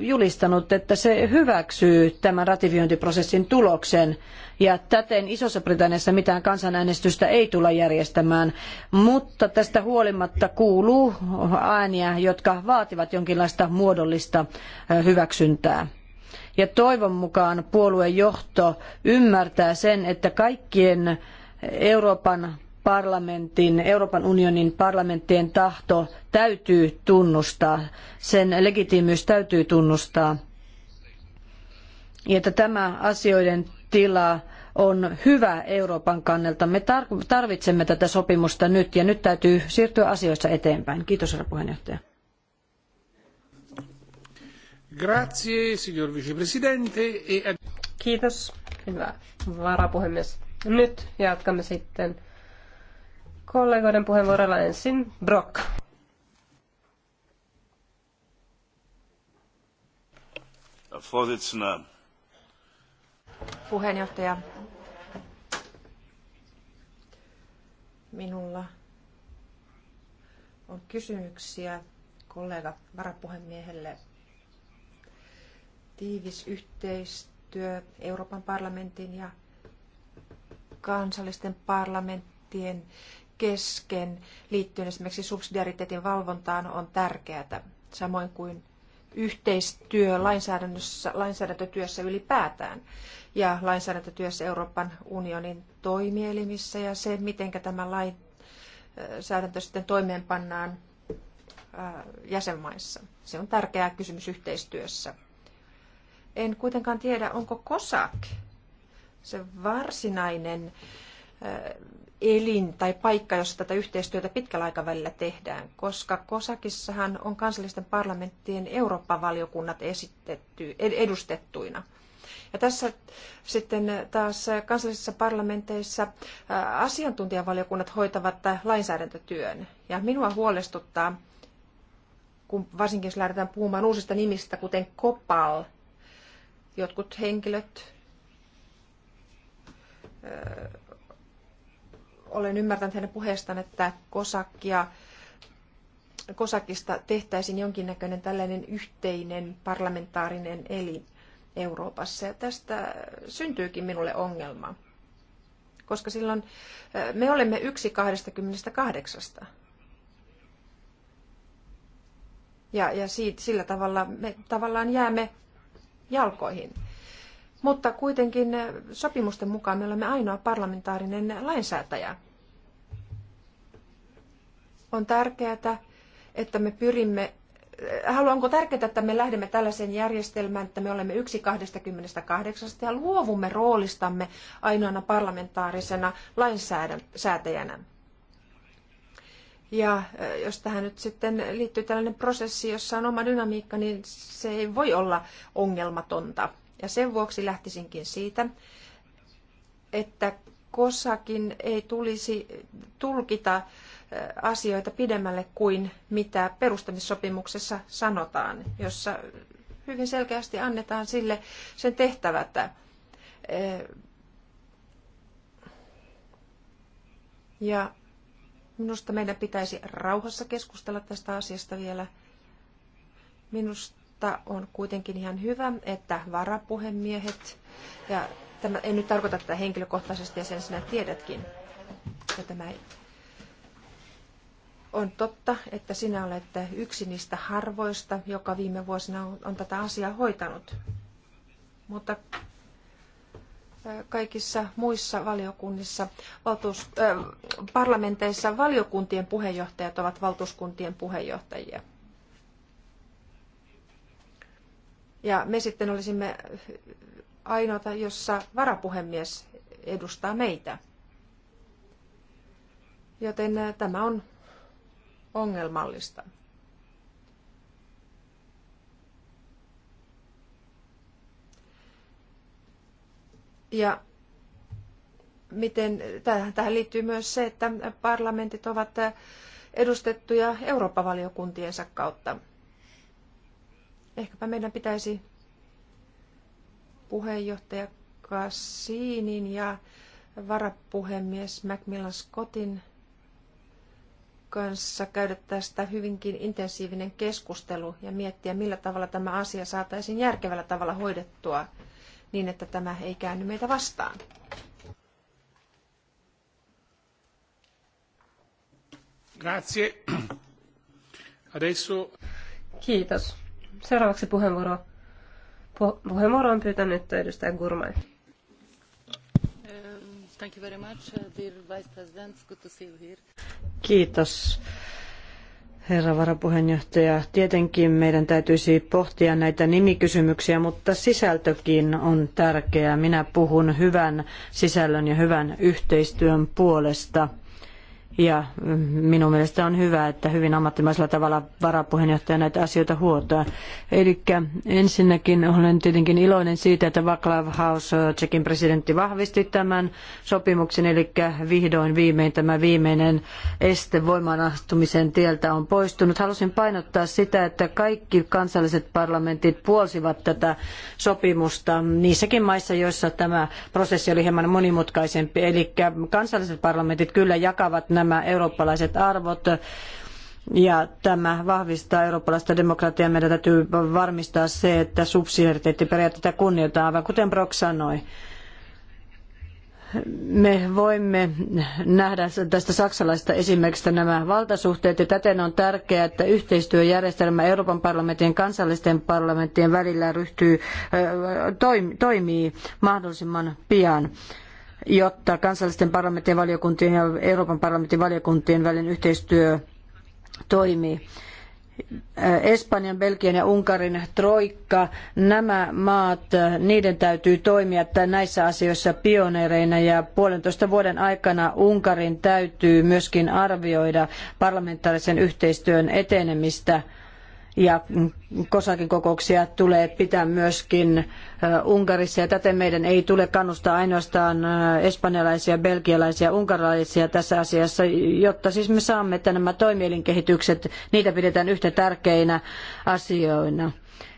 julistanut, että se hyväksyy tämän ratifiointiprosessin tuloksen ja täten Isossa Britanniassa mitään kansanäänestystä ei tulla järjestämään, mutta tästä huolimatta kuuluu ääniä, jotka vaativat jonkinlaista muodollista hyväksyntää. Ja toivon mukaan puoluejohto ymmärtää sen, että kaikkien Euroopan parlamentin, Euroopan unionin parlamenttien tahto täytyy tunnustaa, sen legitiimiys täytyy tunnustaa. Ja että tämä asioiden tila on hyvä Euroopan kannalta. Me tarvitsemme tätä sopimusta nyt ja nyt täytyy siirtyä asioissa eteenpäin. Kiitos, herra puheenjohtaja. Grazie, signor vicepresidente. E Kiitos, hyvä varapuhemies. Nyt jatkamme sitten kollegoiden puheenvuorolla ensin Brock. Herr puheenjohtaja. Minulla on kysymyksiä kollega varapuhemiehelle. Tiivis yhteistyö Euroopan parlamentin ja kansallisten parlamenttien kesken liittyen esimerkiksi subsidiariteetin valvontaan on tärkeää, samoin kuin yhteistyö lainsäädännössä, lainsäädäntötyössä ylipäätään ja lainsäädäntötyössä Euroopan unionin toimielimissä ja se, miten tämä lainsäädäntö sitten toimeenpannaan äh, jäsenmaissa. Se on tärkeä kysymys yhteistyössä. En kuitenkaan tiedä, onko COSAC se varsinainen äh, elin tai paikka, jossa tätä yhteistyötä pitkällä aikavälillä tehdään, koska Kosakissahan on kansallisten parlamenttien Eurooppa-valiokunnat esitetty, edustettuina. Ja tässä sitten taas kansallisissa parlamenteissa asiantuntijavaliokunnat hoitavat lainsäädäntötyön. Ja minua huolestuttaa, kun varsinkin jos lähdetään puhumaan uusista nimistä, kuten COPAL, jotkut henkilöt, olen ymmärtänyt hänen puheestaan, että Kosakia, Kosakista tehtäisiin jonkinnäköinen tällainen yhteinen parlamentaarinen elin Euroopassa. Ja tästä syntyykin minulle ongelma, koska silloin me olemme yksi 28. Ja, ja siitä, sillä tavalla me tavallaan jäämme jalkoihin. Mutta kuitenkin sopimusten mukaan me olemme ainoa parlamentaarinen lainsäätäjä. On tärkeää, että me pyrimme äh, Haluanko tärkeää, että me lähdemme tällaiseen järjestelmään, että me olemme yksi 28 ja luovumme roolistamme ainoana parlamentaarisena lainsäätäjänä? Ja äh, jos tähän nyt sitten liittyy tällainen prosessi, jossa on oma dynamiikka, niin se ei voi olla ongelmatonta. Ja sen vuoksi lähtisinkin siitä, että kossakin ei tulisi tulkita asioita pidemmälle kuin mitä perustamissopimuksessa sanotaan, jossa hyvin selkeästi annetaan sille sen tehtävät. Ja minusta meidän pitäisi rauhassa keskustella tästä asiasta vielä. Minusta mutta on kuitenkin ihan hyvä, että varapuhemiehet, ja tämä, en nyt tarkoita tätä henkilökohtaisesti ja sen sinä tiedätkin, että tämä on totta, että sinä olet yksi niistä harvoista, joka viime vuosina on, on tätä asiaa hoitanut. Mutta kaikissa muissa valiokunnissa, valtuus, äh, parlamenteissa valiokuntien puheenjohtajat ovat valtuuskuntien puheenjohtajia. Ja me sitten olisimme ainoata, jossa varapuhemies edustaa meitä. Joten tämä on ongelmallista. Ja miten, tähän liittyy myös se, että parlamentit ovat edustettuja Eurooppa-valiokuntiensa kautta. Ehkäpä meidän pitäisi puheenjohtaja Cassinin ja varapuhemies Macmillan Scottin kanssa käydä tästä hyvinkin intensiivinen keskustelu ja miettiä, millä tavalla tämä asia saataisiin järkevällä tavalla hoidettua niin, että tämä ei käänny meitä vastaan. Grazie. Adesso... Kiitos. Seuraavaksi puheenvuoro. Puheenvuoro on pyytänyt edustaja Gurmai. Um, thank you very much, uh, dear Vice President. Good to see you here. Kiitos. Herra varapuheenjohtaja, tietenkin meidän täytyisi pohtia näitä nimikysymyksiä, mutta sisältökin on tärkeää. Minä puhun hyvän sisällön ja hyvän yhteistyön puolesta. Ja mm, minun mielestä on hyvä, että hyvin ammattimaisella tavalla varapuheenjohtaja näitä asioita huotaa. Eli ensinnäkin olen tietenkin iloinen siitä, että Vaclav Haus, Tsekin presidentti, vahvisti tämän sopimuksen, eli vihdoin viimein tämä viimeinen este voimaanastumisen tieltä on poistunut. Halusin painottaa sitä, että kaikki kansalliset parlamentit puolsivat tätä sopimusta niissäkin maissa, joissa tämä prosessi oli hieman monimutkaisempi. Eli kansalliset parlamentit kyllä jakavat nämä nämä eurooppalaiset arvot. Ja tämä vahvistaa eurooppalaista demokratiaa. Meidän täytyy varmistaa se, että subsidiariteettiperiaatteita kunnioitetaan, aivan kuten Brock sanoi me voimme nähdä tästä saksalaista esimerkistä nämä valtasuhteet ja täten on tärkeää, että yhteistyöjärjestelmä Euroopan parlamentin ja kansallisten parlamenttien välillä ryhtyy, toimii mahdollisimman pian jotta kansallisten parlamenttien valiokuntien ja Euroopan parlamentin valiokuntien välinen yhteistyö toimii. Äh, Espanjan, Belgian ja Unkarin troikka, nämä maat, äh, niiden täytyy toimia näissä asioissa pioneereina ja puolentoista vuoden aikana Unkarin täytyy myöskin arvioida parlamentaarisen yhteistyön etenemistä – ja kosakin kokouksia tulee pitää myöskin äh, Unkarissa ja täten meidän ei tule kannustaa ainoastaan äh, espanjalaisia, belgialaisia, unkarilaisia tässä asiassa, jotta siis me saamme, että nämä toimielinkehitykset, niitä pidetään yhtä tärkeinä asioina.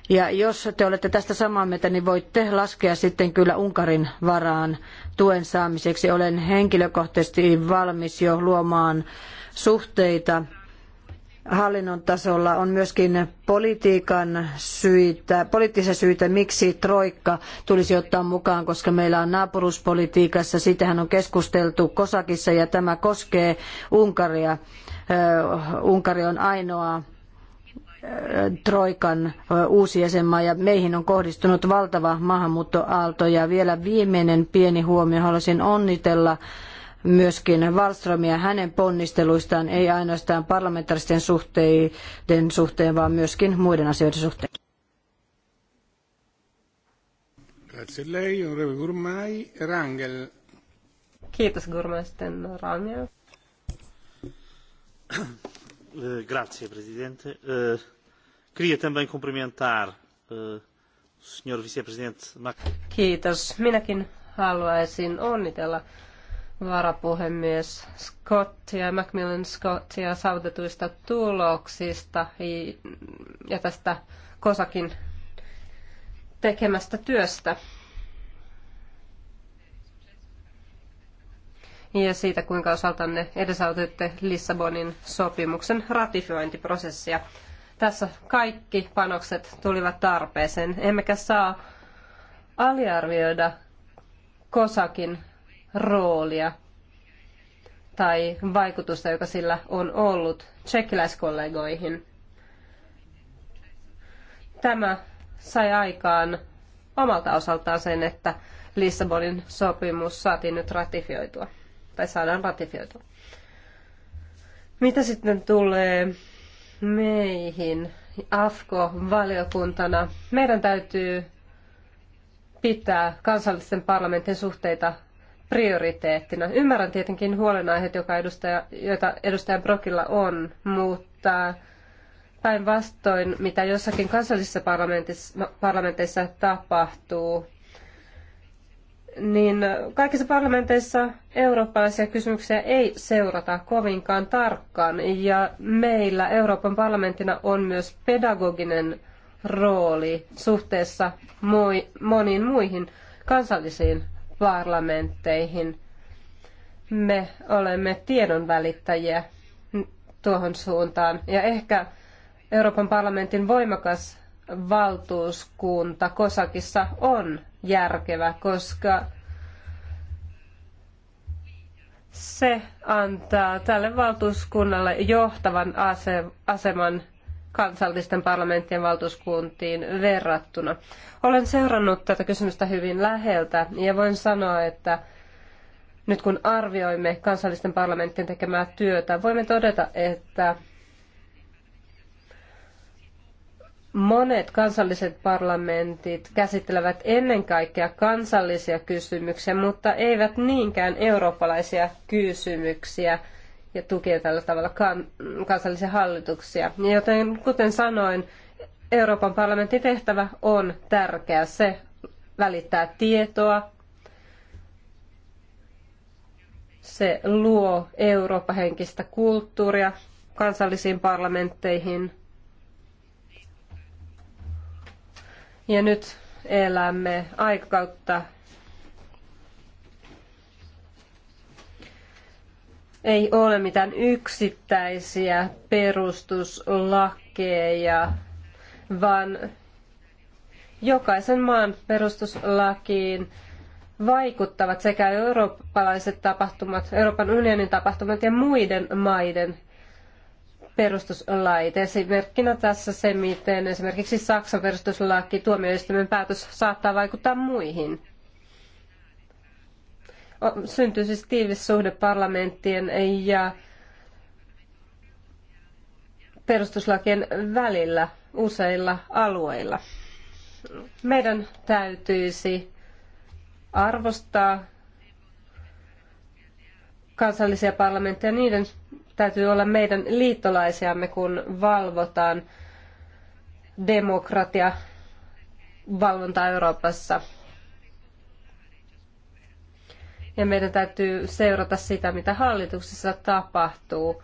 Ja jos te olette tästä samaa mieltä, niin voitte laskea sitten kyllä Unkarin varaan tuen saamiseksi. Olen henkilökohtaisesti valmis jo luomaan suhteita hallinnon tasolla on myöskin politiikan syitä, poliittisia syitä, miksi troikka tulisi ottaa mukaan, koska meillä on naapuruuspolitiikassa, siitähän on keskusteltu Kosakissa ja tämä koskee Unkaria. Unkari on ainoa Troikan uusi jäsenmaa ja meihin on kohdistunut valtava maahanmuuttoaalto. Ja vielä viimeinen pieni huomio, haluaisin onnitella myöskin Wallströmiä hänen ponnisteluistaan, ei ainoastaan parlamentaaristen suhteiden suhteen, vaan myöskin muiden asioiden suhteen. Kiitos Gurmai, sitten Rangel. Eh, grazie, Presidente. Eh, queria tämän komplimentaar, eh, Signor Sr. Vice-Presidente Macron. Kiitos. Minäkin haluaisin onnitella varapuhemies Scott ja Macmillan Scottia saavutetuista tuloksista ja tästä Kosakin tekemästä työstä. Ja siitä, kuinka osaltanne edesautitte Lissabonin sopimuksen ratifiointiprosessia. Tässä kaikki panokset tulivat tarpeeseen. Emmekä saa aliarvioida Kosakin roolia tai vaikutusta, joka sillä on ollut tsekkiläiskollegoihin. Tämä sai aikaan omalta osaltaan sen, että Lissabonin sopimus saatiin nyt ratifioitua, tai saadaan ratifioitua. Mitä sitten tulee meihin AFKO-valiokuntana? Meidän täytyy pitää kansallisten parlamentin suhteita prioriteettina. Ymmärrän tietenkin huolenaiheet, joka edustaja, joita edustaja Brokilla on, mutta päinvastoin, mitä jossakin kansallisissa parlamenteissa tapahtuu, niin kaikissa parlamenteissa eurooppalaisia kysymyksiä ei seurata kovinkaan tarkkaan. Ja meillä Euroopan parlamenttina on myös pedagoginen rooli suhteessa moniin muihin kansallisiin parlamentteihin. Me olemme tiedonvälittäjiä tuohon suuntaan ja ehkä Euroopan parlamentin voimakas valtuuskunta Kosakissa on järkevä, koska se antaa tälle valtuuskunnalle johtavan aseman kansallisten parlamenttien valtuuskuntiin verrattuna. Olen seurannut tätä kysymystä hyvin läheltä ja voin sanoa, että nyt kun arvioimme kansallisten parlamenttien tekemää työtä, voimme todeta, että monet kansalliset parlamentit käsittelevät ennen kaikkea kansallisia kysymyksiä, mutta eivät niinkään eurooppalaisia kysymyksiä – ja tukee tällä tavalla kansallisia hallituksia. Joten kuten sanoin, Euroopan parlamentin tehtävä on tärkeä. Se välittää tietoa, se luo Eurooppa-henkistä kulttuuria kansallisiin parlamentteihin. Ja nyt elämme aikakautta, ei ole mitään yksittäisiä perustuslakeja, vaan jokaisen maan perustuslakiin vaikuttavat sekä eurooppalaiset tapahtumat, Euroopan unionin tapahtumat ja muiden maiden perustuslait. Esimerkkinä tässä se, miten esimerkiksi Saksan perustuslaki tuomioistuimen päätös saattaa vaikuttaa muihin syntyy siis tiivis suhde parlamenttien ja perustuslakien välillä useilla alueilla. Meidän täytyisi arvostaa kansallisia parlamentteja, niiden täytyy olla meidän liittolaisiamme, kun valvotaan demokratia valvontaa Euroopassa ja meidän täytyy seurata sitä, mitä hallituksessa tapahtuu.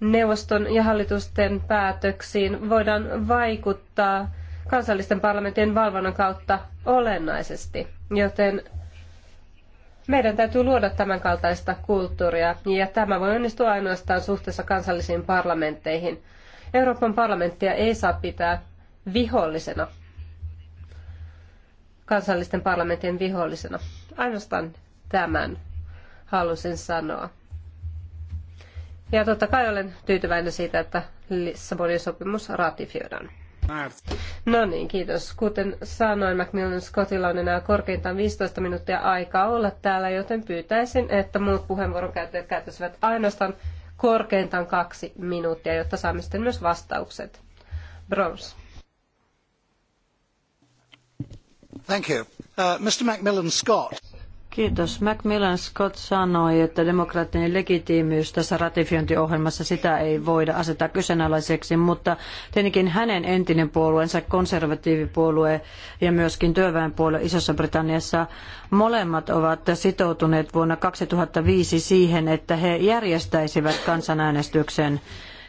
Neuvoston ja hallitusten päätöksiin voidaan vaikuttaa kansallisten parlamenttien valvonnan kautta olennaisesti, joten meidän täytyy luoda tämän kaltaista kulttuuria, ja tämä voi onnistua ainoastaan suhteessa kansallisiin parlamentteihin. Euroopan parlamenttia ei saa pitää vihollisena, kansallisten parlamenttien vihollisena. Ainoastaan tämän halusin sanoa. Ja totta kai olen tyytyväinen siitä, että Lissabonin sopimus ratifioidaan. No niin, kiitos. Kuten sanoin, Macmillan Scottilla on enää korkeintaan 15 minuuttia aikaa olla täällä, joten pyytäisin, että muut puheenvuoron käyttäjät käyttäisivät ainoastaan korkeintaan kaksi minuuttia, jotta saamme sitten myös vastaukset. Bronze. Uh, Macmillan Scott. Kiitos. Macmillan Scott sanoi, että demokraattinen legitiimiys tässä ratifiointiohjelmassa sitä ei voida asettaa kyseenalaiseksi, mutta tietenkin hänen entinen puolueensa, konservatiivipuolue ja myöskin työväenpuolue Isossa Britanniassa, molemmat ovat sitoutuneet vuonna 2005 siihen, että he järjestäisivät kansanäänestyksen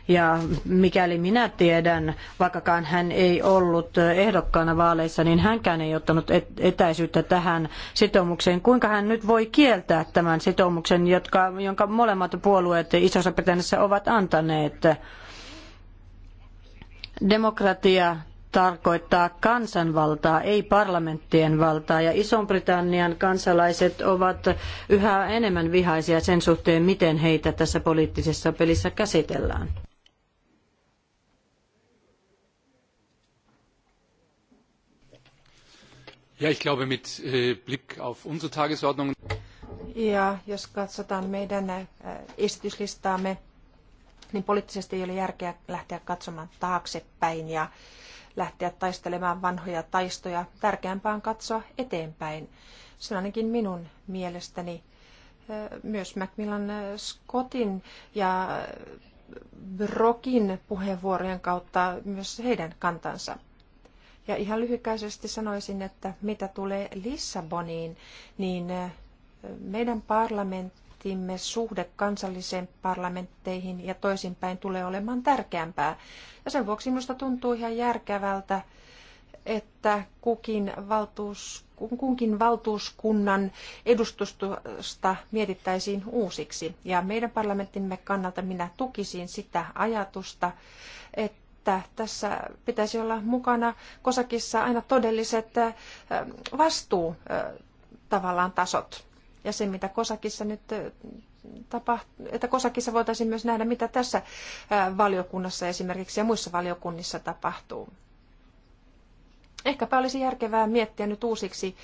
ja mikäli minä tiedän, vaikkakaan hän ei ollut ehdokkaana vaaleissa, niin hänkään ei ottanut etäisyyttä tähän sitoumukseen. Kuinka hän nyt voi kieltää tämän sitoumuksen, jotka, jonka molemmat puolueet isossa britanniassa ovat antaneet? Demokratia tarkoittaa kansanvaltaa, ei parlamenttien valtaa. Ja Ison-Britannian kansalaiset ovat yhä enemmän vihaisia sen suhteen, miten heitä tässä poliittisessa pelissä käsitellään. Ja, ich glaube, mit äh, Blick auf unsere Tagesordnung. Ja, jos katsotaan meidän äh, esityslistaamme, niin poliittisesti ei ole järkeä lähteä katsomaan taaksepäin ja lähteä taistelemaan vanhoja taistoja. Tärkeämpää on katsoa eteenpäin. Se on ainakin minun mielestäni myös Macmillan Scottin ja Brokin puheenvuorojen kautta myös heidän kantansa. Ja ihan lyhykäisesti sanoisin, että mitä tulee Lissaboniin, niin meidän parlamenttimme suhde kansalliseen parlamentteihin ja toisinpäin tulee olemaan tärkeämpää. Ja sen vuoksi minusta tuntuu ihan järkevältä, että kukin valtuus, kunkin valtuuskunnan edustusta mietittäisiin uusiksi. Ja meidän parlamenttimme kannalta minä tukisin sitä ajatusta, että että tässä pitäisi olla mukana kosakissa aina todelliset vastuu tavallaan tasot. Ja se, mitä kosakissa nyt tapahtuu, että kosakissa voitaisiin myös nähdä, mitä tässä valiokunnassa esimerkiksi ja muissa valiokunnissa tapahtuu. Ehkäpä olisi järkevää miettiä nyt uusiksi,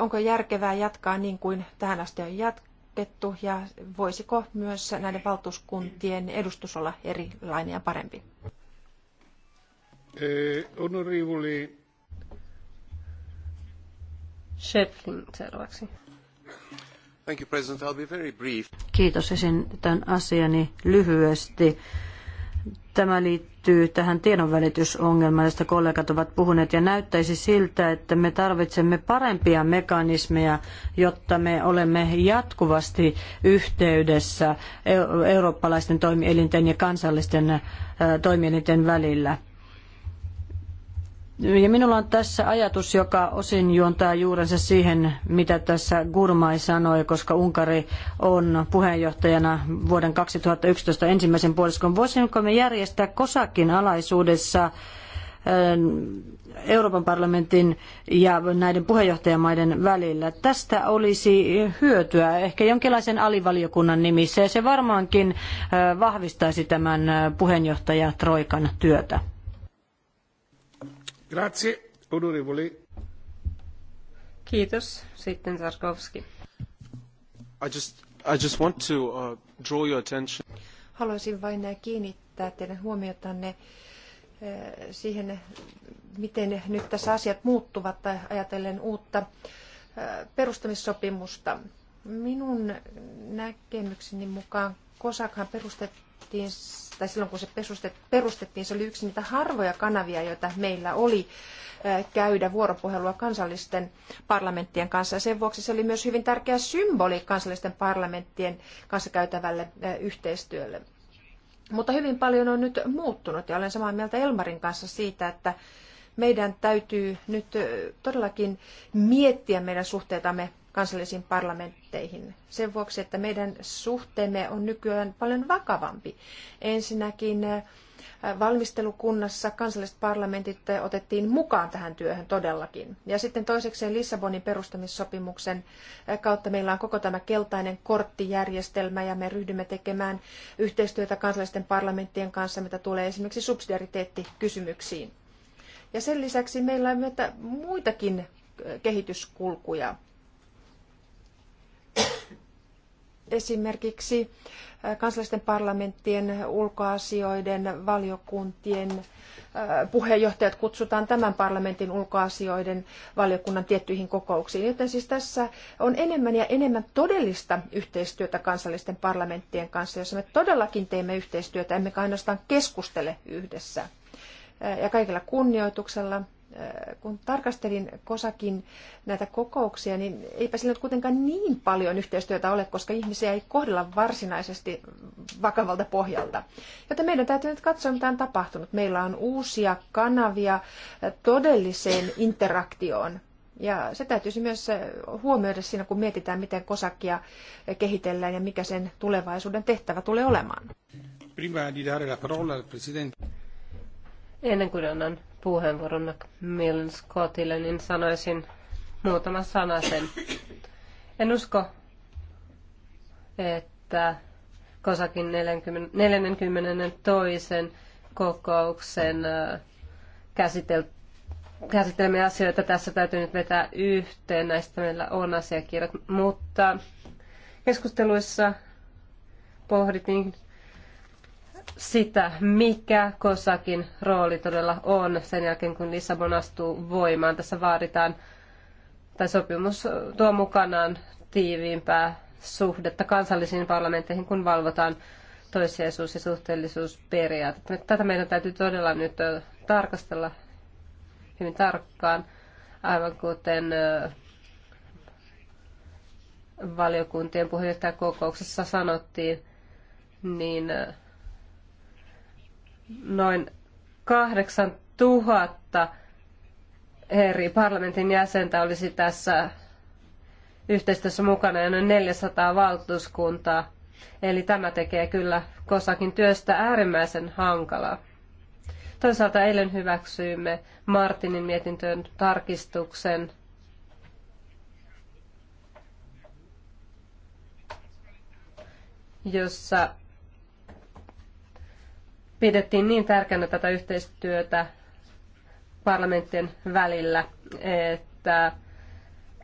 onko järkevää jatkaa niin kuin tähän asti on jatkettu ja voisiko myös näiden valtuuskuntien edustus olla erilainen ja parempi. Eh, onorevoli... Schöpfling seuraavaksi. Thank you, President. I'll be very brief. Kiitos. tämän asiani lyhyesti. Tämä liittyy tähän tiedonvälitysongelmaan, josta kollegat ovat puhuneet, ja näyttäisi siltä, että me tarvitsemme parempia mekanismeja, jotta me olemme jatkuvasti yhteydessä eurooppalaisten toimielinten ja kansallisten toimielinten välillä ja minulla on tässä ajatus, joka osin juontaa juurensa siihen, mitä tässä Gurmai sanoi, koska Unkari on puheenjohtajana vuoden 2011 ensimmäisen puoliskon. Voisimmeko me järjestää kosakin alaisuudessa eh, Euroopan parlamentin ja näiden puheenjohtajamaiden välillä. Tästä olisi hyötyä ehkä jonkinlaisen alivaliokunnan nimissä ja se varmaankin eh, vahvistaisi tämän eh, puheenjohtaja Troikan työtä. Kiitos. I just, I just want to uh, draw your attention. Haluaisin vain kiinnittää teidän huomiotanne eh, siihen, miten nyt tässä asiat muuttuvat eh, ajatellen uutta eh, perustamissopimusta. Minun näkemykseni mukaan Kosakhan perustettiin tai silloin kun se perustettiin, se oli yksi niitä harvoja kanavia, joita meillä oli käydä vuoropuhelua kansallisten parlamenttien kanssa. Ja sen vuoksi se oli myös hyvin tärkeä symboli kansallisten parlamenttien kanssa käytävälle yhteistyölle. Mutta hyvin paljon on nyt muuttunut ja olen samaa mieltä Elmarin kanssa siitä, että meidän täytyy nyt todellakin miettiä meidän suhteitamme kansallisiin parlamentteihin. Sen vuoksi, että meidän suhteemme on nykyään paljon vakavampi. Ensinnäkin äh, valmistelukunnassa kansalliset parlamentit otettiin mukaan tähän työhön todellakin. Ja sitten toisekseen Lissabonin perustamissopimuksen äh, kautta meillä on koko tämä keltainen korttijärjestelmä ja me ryhdymme tekemään yhteistyötä kansallisten parlamenttien kanssa, mitä tulee esimerkiksi subsidiariteettikysymyksiin. Ja sen lisäksi meillä on muitakin äh, kehityskulkuja esimerkiksi äh, kansallisten parlamenttien ulkoasioiden valiokuntien äh, puheenjohtajat kutsutaan tämän parlamentin ulkoasioiden valiokunnan tiettyihin kokouksiin. Joten siis tässä on enemmän ja enemmän todellista yhteistyötä kansallisten parlamenttien kanssa, jossa me todellakin teemme yhteistyötä, emmekä ainoastaan keskustele yhdessä. Äh, ja kaikella kunnioituksella Äh, kun tarkastelin Kosakin näitä kokouksia, niin eipä sillä kuitenkaan niin paljon yhteistyötä ole, koska ihmisiä ei kohdella varsinaisesti vakavalta pohjalta. Joten meidän täytyy nyt katsoa, mitä on tapahtunut. Meillä on uusia kanavia todelliseen interaktioon. Ja se täytyisi myös huomioida siinä, kun mietitään, miten kosakia kehitellään ja mikä sen tulevaisuuden tehtävä tulee olemaan. Ennen kuin annan puheenvuoron Macmillan Scottille, niin sanoisin muutama sana sen. En usko, että Kosakin 42. kokouksen äh, käsitel, käsittelemme asioita. Tässä täytyy nyt vetää yhteen. Näistä meillä on asiakirjat, mutta keskusteluissa pohdittiin sitä, mikä Kosakin rooli todella on sen jälkeen, kun Lissabon astuu voimaan. Tässä vaaditaan, tai sopimus tuo mukanaan tiiviimpää suhdetta kansallisiin parlamentteihin, kun valvotaan toissijaisuus- ja suhteellisuusperiaatetta. Tätä meidän täytyy todella nyt tarkastella hyvin tarkkaan, aivan kuten valiokuntien puheenjohtajakokouksessa sanottiin, niin noin 8000 eri parlamentin jäsentä olisi tässä yhteistyössä mukana ja noin 400 valtuuskuntaa. Eli tämä tekee kyllä kosakin työstä äärimmäisen hankalaa. Toisaalta eilen hyväksyimme Martinin mietintöön tarkistuksen jossa pidettiin niin tärkeänä tätä yhteistyötä parlamenttien välillä, että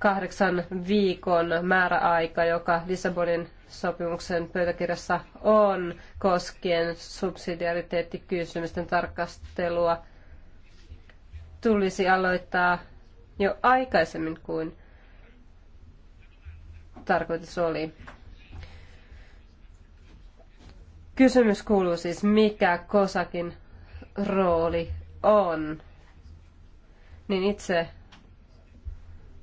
kahdeksan viikon määräaika, joka Lissabonin sopimuksen pöytäkirjassa on koskien subsidiariteettikysymysten tarkastelua, tulisi aloittaa jo aikaisemmin kuin tarkoitus oli. Kysymys kuuluu siis, mikä kosakin rooli on. Niin itse,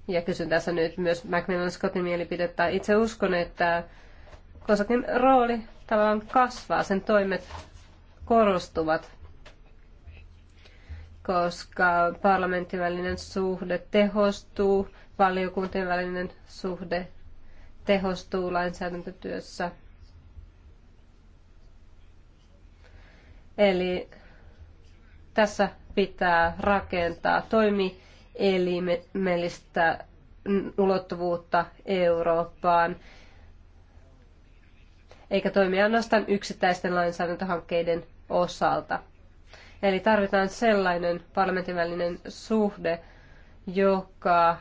ja kysyn tässä nyt myös Macmillan Scottin mielipidettä, itse uskon, että kosakin rooli tavallaan kasvaa, sen toimet korostuvat, koska parlamentin välinen suhde tehostuu, valiokuntien välinen suhde tehostuu lainsäädäntötyössä – Eli tässä pitää rakentaa toimielimellistä ulottuvuutta Eurooppaan, eikä toimia ainoastaan yksittäisten lainsäädäntöhankkeiden osalta. Eli tarvitaan sellainen parlamentinvälinen suhde, joka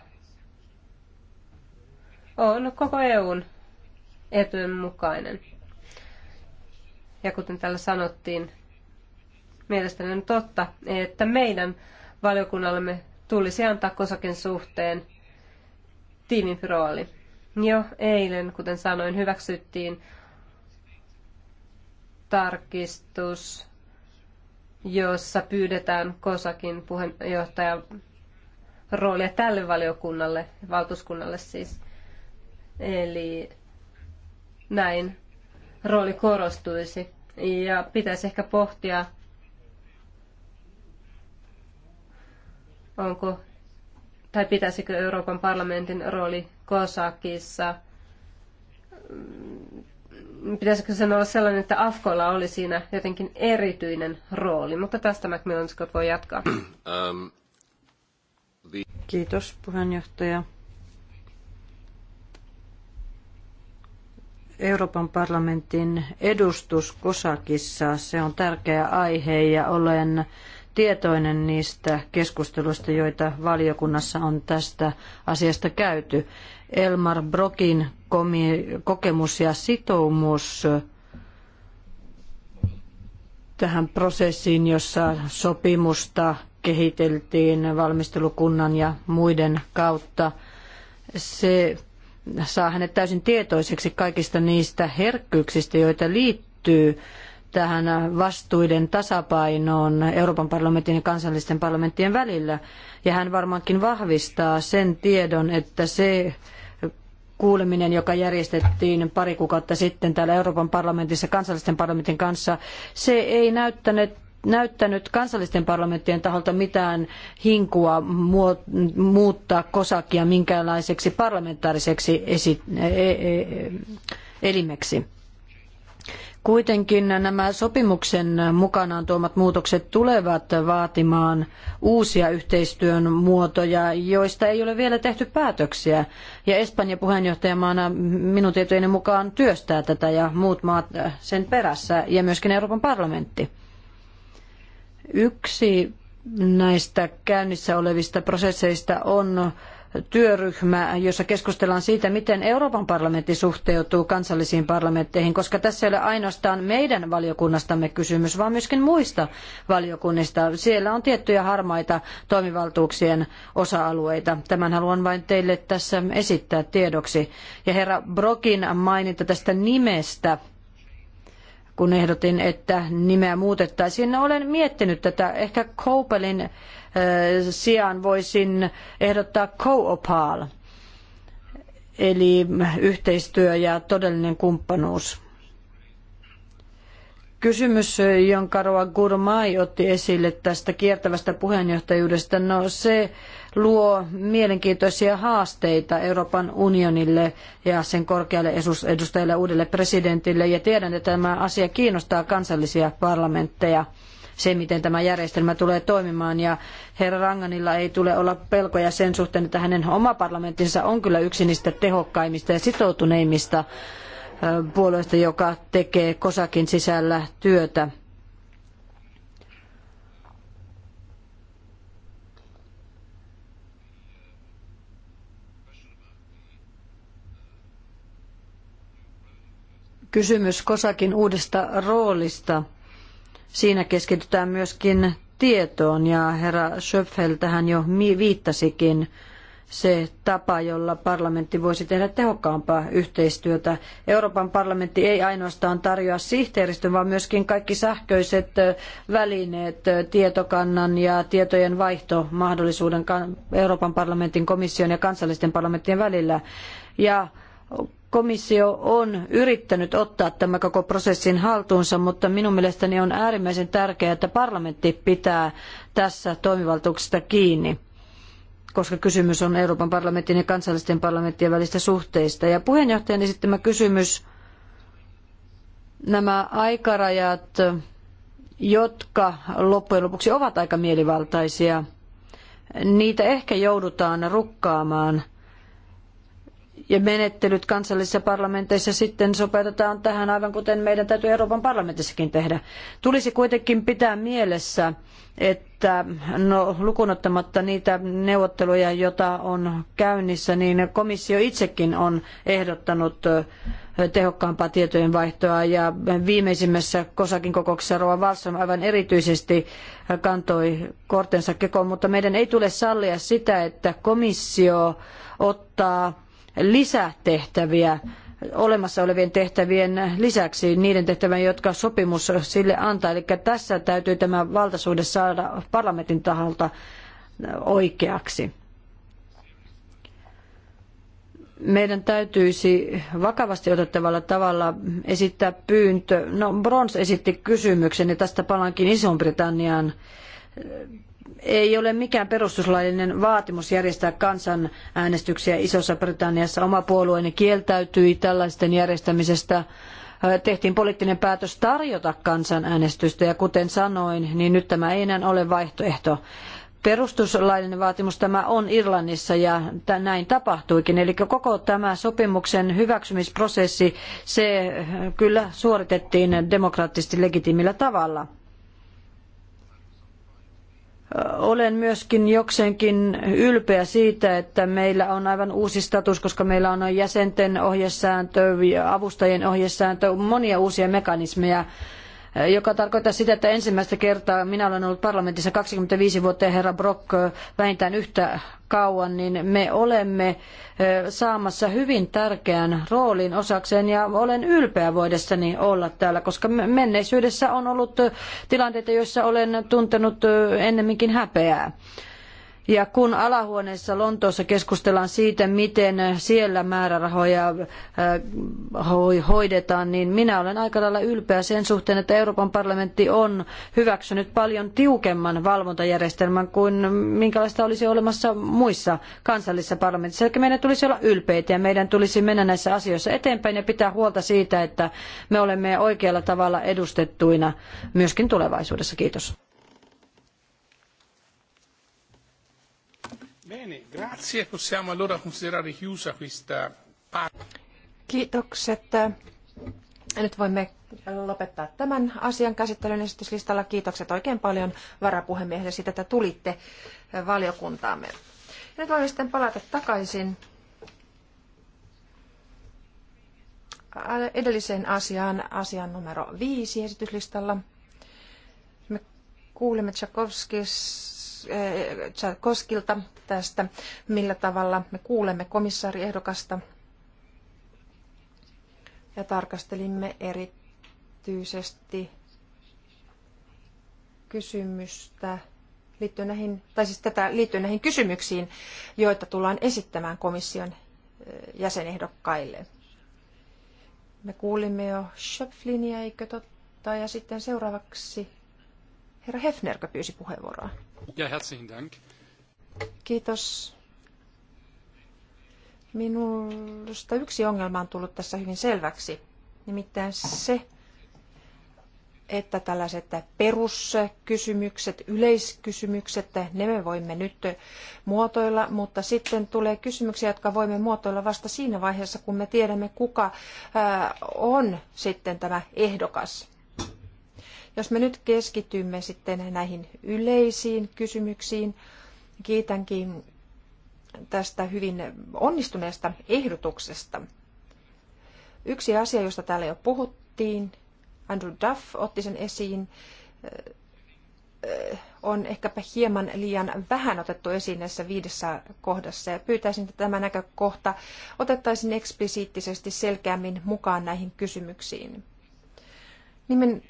on koko EUn etujen mukainen. Ja kuten täällä sanottiin, Mielestäni on totta, että meidän valiokunnallemme tulisi antaa kosakin suhteen tiimin rooli. Jo eilen, kuten sanoin, hyväksyttiin tarkistus, jossa pyydetään kosakin puheenjohtajan roolia tälle valiokunnalle, valtuuskunnalle siis. Eli näin rooli korostuisi. Ja pitäisi ehkä pohtia onko tai pitäisikö Euroopan parlamentin rooli Kosakissa, mm, pitäisikö sen olla sellainen, että Afkolla oli siinä jotenkin erityinen rooli, mutta tästä Macmillan Scott voi jatkaa. Um, Kiitos puheenjohtaja. Euroopan parlamentin edustus Kosakissa, se on tärkeä aihe ja olen tietoinen niistä keskusteluista, joita valiokunnassa on tästä asiasta käyty. Elmar Brokin kokemus ja sitoumus tähän prosessiin, jossa sopimusta kehiteltiin valmistelukunnan ja muiden kautta. Se saa hänet täysin tietoiseksi kaikista niistä herkkyyksistä, joita liittyy tähän vastuiden tasapainoon Euroopan parlamentin ja kansallisten parlamenttien välillä. Ja hän varmaankin vahvistaa sen tiedon, että se kuuleminen, joka järjestettiin pari kuukautta sitten täällä Euroopan parlamentissa kansallisten parlamentin kanssa, se ei näyttänyt näyttänyt kansallisten parlamenttien taholta mitään hinkua muuttaa kosakia minkäänlaiseksi parlamentaariseksi esi- e-, e-, e-, elimeksi. Kuitenkin nämä sopimuksen mukanaan tuomat muutokset tulevat vaatimaan uusia yhteistyön muotoja, joista ei ole vielä tehty päätöksiä. Ja Espanja puheenjohtajamaana minun tietojeni mukaan työstää tätä ja muut maat sen perässä ja myöskin Euroopan parlamentti. Yksi näistä käynnissä olevista prosesseista on työryhmä, jossa keskustellaan siitä, miten Euroopan parlamentti suhteutuu kansallisiin parlamentteihin, koska tässä ei ole ainoastaan meidän valiokunnastamme kysymys, vaan myöskin muista valiokunnista. Siellä on tiettyjä harmaita toimivaltuuksien osa-alueita. Tämän haluan vain teille tässä esittää tiedoksi. Ja herra Brokin maininta tästä nimestä kun ehdotin, että nimeä muutettaisiin. No, olen miettinyt tätä. Ehkä Koupelin sijaan voisin ehdottaa co-opal, eli yhteistyö ja todellinen kumppanuus. Kysymys, jonka Roa Gurmai otti esille tästä kiertävästä puheenjohtajuudesta, no se luo mielenkiintoisia haasteita Euroopan unionille ja sen korkealle edustajalle uudelle presidentille. Ja tiedän, että tämä asia kiinnostaa kansallisia parlamentteja se, miten tämä järjestelmä tulee toimimaan. Ja herra Ranganilla ei tule olla pelkoja sen suhteen, että hänen oma parlamenttinsa on kyllä yksi niistä tehokkaimmista ja sitoutuneimmista puolueista, joka tekee kosakin sisällä työtä. kysymys Kosakin uudesta roolista. Siinä keskitytään myöskin tietoon ja herra Schöpfel tähän jo viittasikin se tapa, jolla parlamentti voisi tehdä tehokkaampaa yhteistyötä. Euroopan parlamentti ei ainoastaan tarjoa sihteeristön, vaan myöskin kaikki sähköiset välineet tietokannan ja tietojen vaihtomahdollisuuden Euroopan parlamentin komission ja kansallisten parlamenttien välillä. Ja komissio on yrittänyt ottaa tämän koko prosessin haltuunsa, mutta minun mielestäni on äärimmäisen tärkeää, että parlamentti pitää tässä toimivaltuuksista kiinni koska kysymys on Euroopan parlamentin ja kansallisten parlamenttien välistä suhteista. Ja puheenjohtajan esittämä kysymys, nämä aikarajat, jotka loppujen lopuksi ovat aika mielivaltaisia, niitä ehkä joudutaan rukkaamaan – ja menettelyt kansallisissa parlamenteissa sitten sopeutetaan tähän, aivan kuten meidän täytyy Euroopan parlamentissakin tehdä. Tulisi kuitenkin pitää mielessä, että no, lukunottamatta niitä neuvotteluja, joita on käynnissä, niin komissio itsekin on ehdottanut tehokkaampaa tietojen vaihtoa ja viimeisimmässä Kosakin kokouksessa Rova Wallström aivan erityisesti kantoi kortensa kekoon, mutta meidän ei tule sallia sitä, että komissio ottaa lisätehtäviä olemassa olevien tehtävien lisäksi niiden tehtävien, jotka sopimus sille antaa. Eli tässä täytyy tämä valtaisuude saada parlamentin taholta oikeaksi. Meidän täytyisi vakavasti otettavalla tavalla esittää pyyntö. No, Brons esitti kysymyksen ja tästä palaankin Iso-Britanniaan ei ole mikään perustuslaillinen vaatimus järjestää kansanäänestyksiä Isossa Britanniassa. Oma puolueeni kieltäytyi tällaisten järjestämisestä. Äh, tehtiin poliittinen päätös tarjota kansanäänestystä ja kuten sanoin, niin nyt tämä ei enää ole vaihtoehto. Perustuslaillinen vaatimus tämä on Irlannissa ja näin tapahtuikin. Eli koko tämä sopimuksen hyväksymisprosessi, se äh, kyllä suoritettiin demokraattisesti legitiimillä tavalla. Olen myöskin jokseenkin ylpeä siitä, että meillä on aivan uusi status, koska meillä on jäsenten ohjesääntö, avustajien ohjesääntö, monia uusia mekanismeja Äh, joka tarkoittaa sitä, että ensimmäistä kertaa minä olen ollut parlamentissa 25 vuotta ja herra Brok äh, vähintään yhtä kauan, niin me olemme äh, saamassa hyvin tärkeän roolin osakseen ja olen ylpeä voidessani olla täällä, koska menneisyydessä on ollut tilanteita, joissa olen tuntenut ennemminkin häpeää. Ja kun alahuoneessa Lontoossa keskustellaan siitä, miten siellä määrärahoja äh, hoidetaan, niin minä olen aika lailla ylpeä sen suhteen, että Euroopan parlamentti on hyväksynyt paljon tiukemman valvontajärjestelmän kuin minkälaista olisi olemassa muissa kansallisissa parlamentissa. Eli meidän tulisi olla ylpeitä ja meidän tulisi mennä näissä asioissa eteenpäin ja pitää huolta siitä, että me olemme oikealla tavalla edustettuina myöskin tulevaisuudessa. Kiitos. Bene, grazie. Possiamo allora considerare chiusa questa parte. Kiitokset. Nyt voimme lopettaa tämän asian käsittelyn esityslistalla. Kiitokset oikein paljon varapuhemiehelle siitä, että tulitte valiokuntaamme. Nyt voimme sitten palata takaisin edelliseen asiaan, asian numero viisi esityslistalla. Me kuulimme Tchaikovskis Koskilta tästä, millä tavalla me kuulemme komissaariehdokasta. Ja tarkastelimme erityisesti kysymystä liittyen näihin, tai siis tätä liittyen näihin kysymyksiin, joita tullaan esittämään komission eh, jäsenehdokkaille. Me kuulimme jo Schöpflinia, eikö totta, ja sitten seuraavaksi herra Hefner, joka pyysi puheenvuoroa. Ja herzlichen dank. Kiitos. Minusta yksi ongelma on tullut tässä hyvin selväksi, nimittäin se, että tällaiset peruskysymykset, yleiskysymykset, ne me voimme nyt muotoilla, mutta sitten tulee kysymyksiä, jotka voimme muotoilla vasta siinä vaiheessa, kun me tiedämme, kuka on sitten tämä ehdokas. Jos me nyt keskitymme sitten näihin yleisiin kysymyksiin, kiitänkin tästä hyvin onnistuneesta ehdotuksesta. Yksi asia, josta täällä jo puhuttiin, Andrew Duff otti sen esiin, on ehkäpä hieman liian vähän otettu esiin näissä viidessä kohdassa ja pyytäisin, että tämä näkökohta otettaisiin eksplisiittisesti selkeämmin mukaan näihin kysymyksiin. Nimen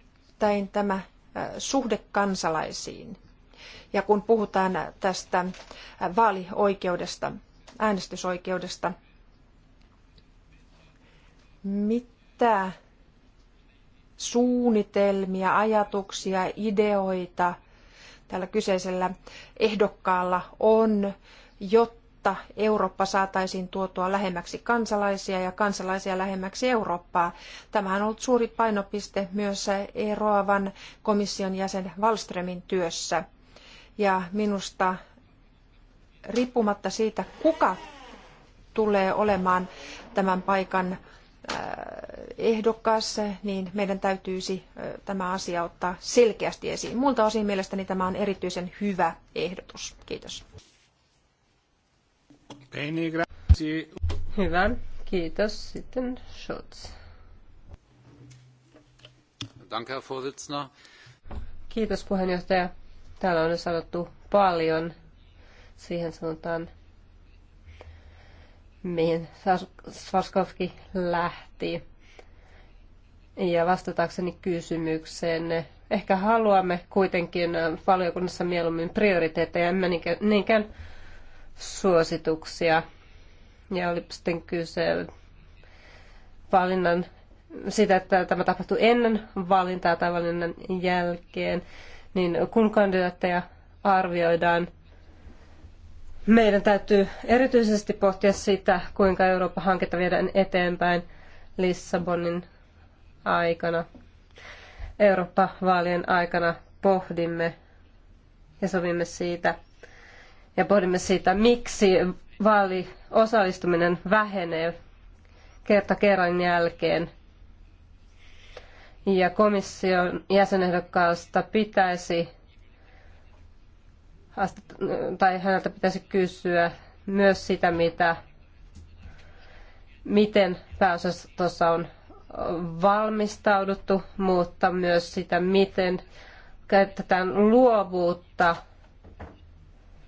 nimittäin tämä suhde kansalaisiin. Ja kun puhutaan tästä vaalioikeudesta, äänestysoikeudesta, mitä suunnitelmia, ajatuksia, ideoita tällä kyseisellä ehdokkaalla on, jotta jotta Eurooppa saataisiin tuotua lähemmäksi kansalaisia ja kansalaisia lähemmäksi Eurooppaa. Tämä on ollut suuri painopiste myös eroavan komission jäsen Wallströmin työssä. Ja minusta riippumatta siitä, kuka tulee olemaan tämän paikan äh, ehdokas, niin meidän täytyisi äh, tämä asia ottaa selkeästi esiin. Muilta osin mielestäni tämä on erityisen hyvä ehdotus. Kiitos. Bene, grazie. kiitos. Sitten Schulz. Danke, Herr Vorsitzender. Kiitos puheenjohtaja. Täällä on jo sanottu paljon siihen suuntaan, mihin Svarskovski lähti. Ja vastatakseni kysymykseen, ehkä haluamme kuitenkin valiokunnassa mieluummin prioriteetteja, emme niinkään suosituksia. Ja oli sitten kyse valinnan sitä, että tämä tapahtui ennen valintaa tai valinnan jälkeen, niin kun kandidaatteja arvioidaan, meidän täytyy erityisesti pohtia sitä, kuinka Euroopan hanketta viedään eteenpäin Lissabonin aikana. Eurooppa-vaalien aikana pohdimme ja sovimme siitä, ja pohdimme sitä, miksi vaaliosallistuminen vähenee kerta kerran jälkeen. Ja komission jäsenehdokkaasta pitäisi, tai häneltä pitäisi kysyä myös sitä, mitä, miten pääosastossa on valmistauduttu, mutta myös sitä, miten käytetään luovuutta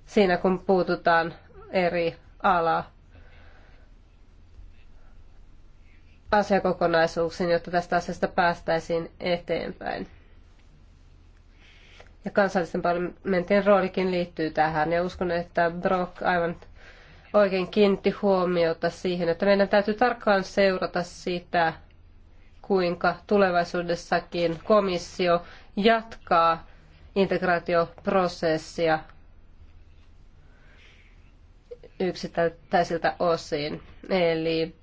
siinä, kun puututaan eri ala asiakokonaisuuksiin, jotta tästä asiasta päästäisiin eteenpäin. Ja kansallisten parlamenttien roolikin liittyy tähän. Ja uskon, että Brock aivan oikein kiinnitti huomiota siihen, että meidän täytyy tarkkaan seurata sitä, kuinka tulevaisuudessakin komissio jatkaa integraatioprosessia yksittäisiltä osin. Eli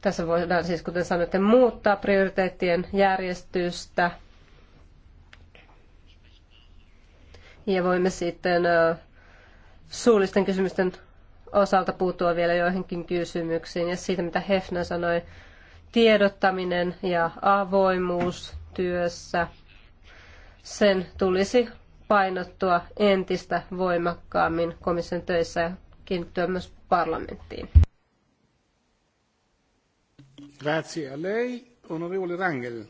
tässä voidaan siis, kuten sanoitte, muuttaa prioriteettien järjestystä. Ja voimme sitten suullisten kysymysten osalta puuttua vielä joihinkin kysymyksiin. Ja siitä, mitä Hefna sanoi, tiedottaminen ja avoimuus työssä, sen tulisi painottua entistä voimakkaammin komission töissä ja kiinnittyä myös parlamenttiin. Grazie a lei, onorevole Rangel.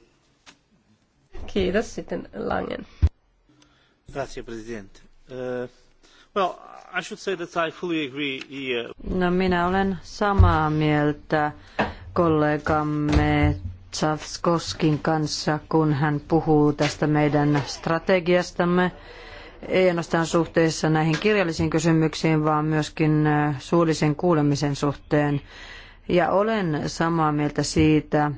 Kiitos sitten Langen. Grazie, presidente. Uh, well, I should say that I fully agree here. No minä olen samaa mieltä kollegamme Tsavskoskin kanssa, kun hän puhuu tästä meidän strategiastamme, ei ainoastaan suhteessa näihin kirjallisiin kysymyksiin, vaan myöskin suullisen kuulemisen suhteen. Ja olen samaa mieltä siitä,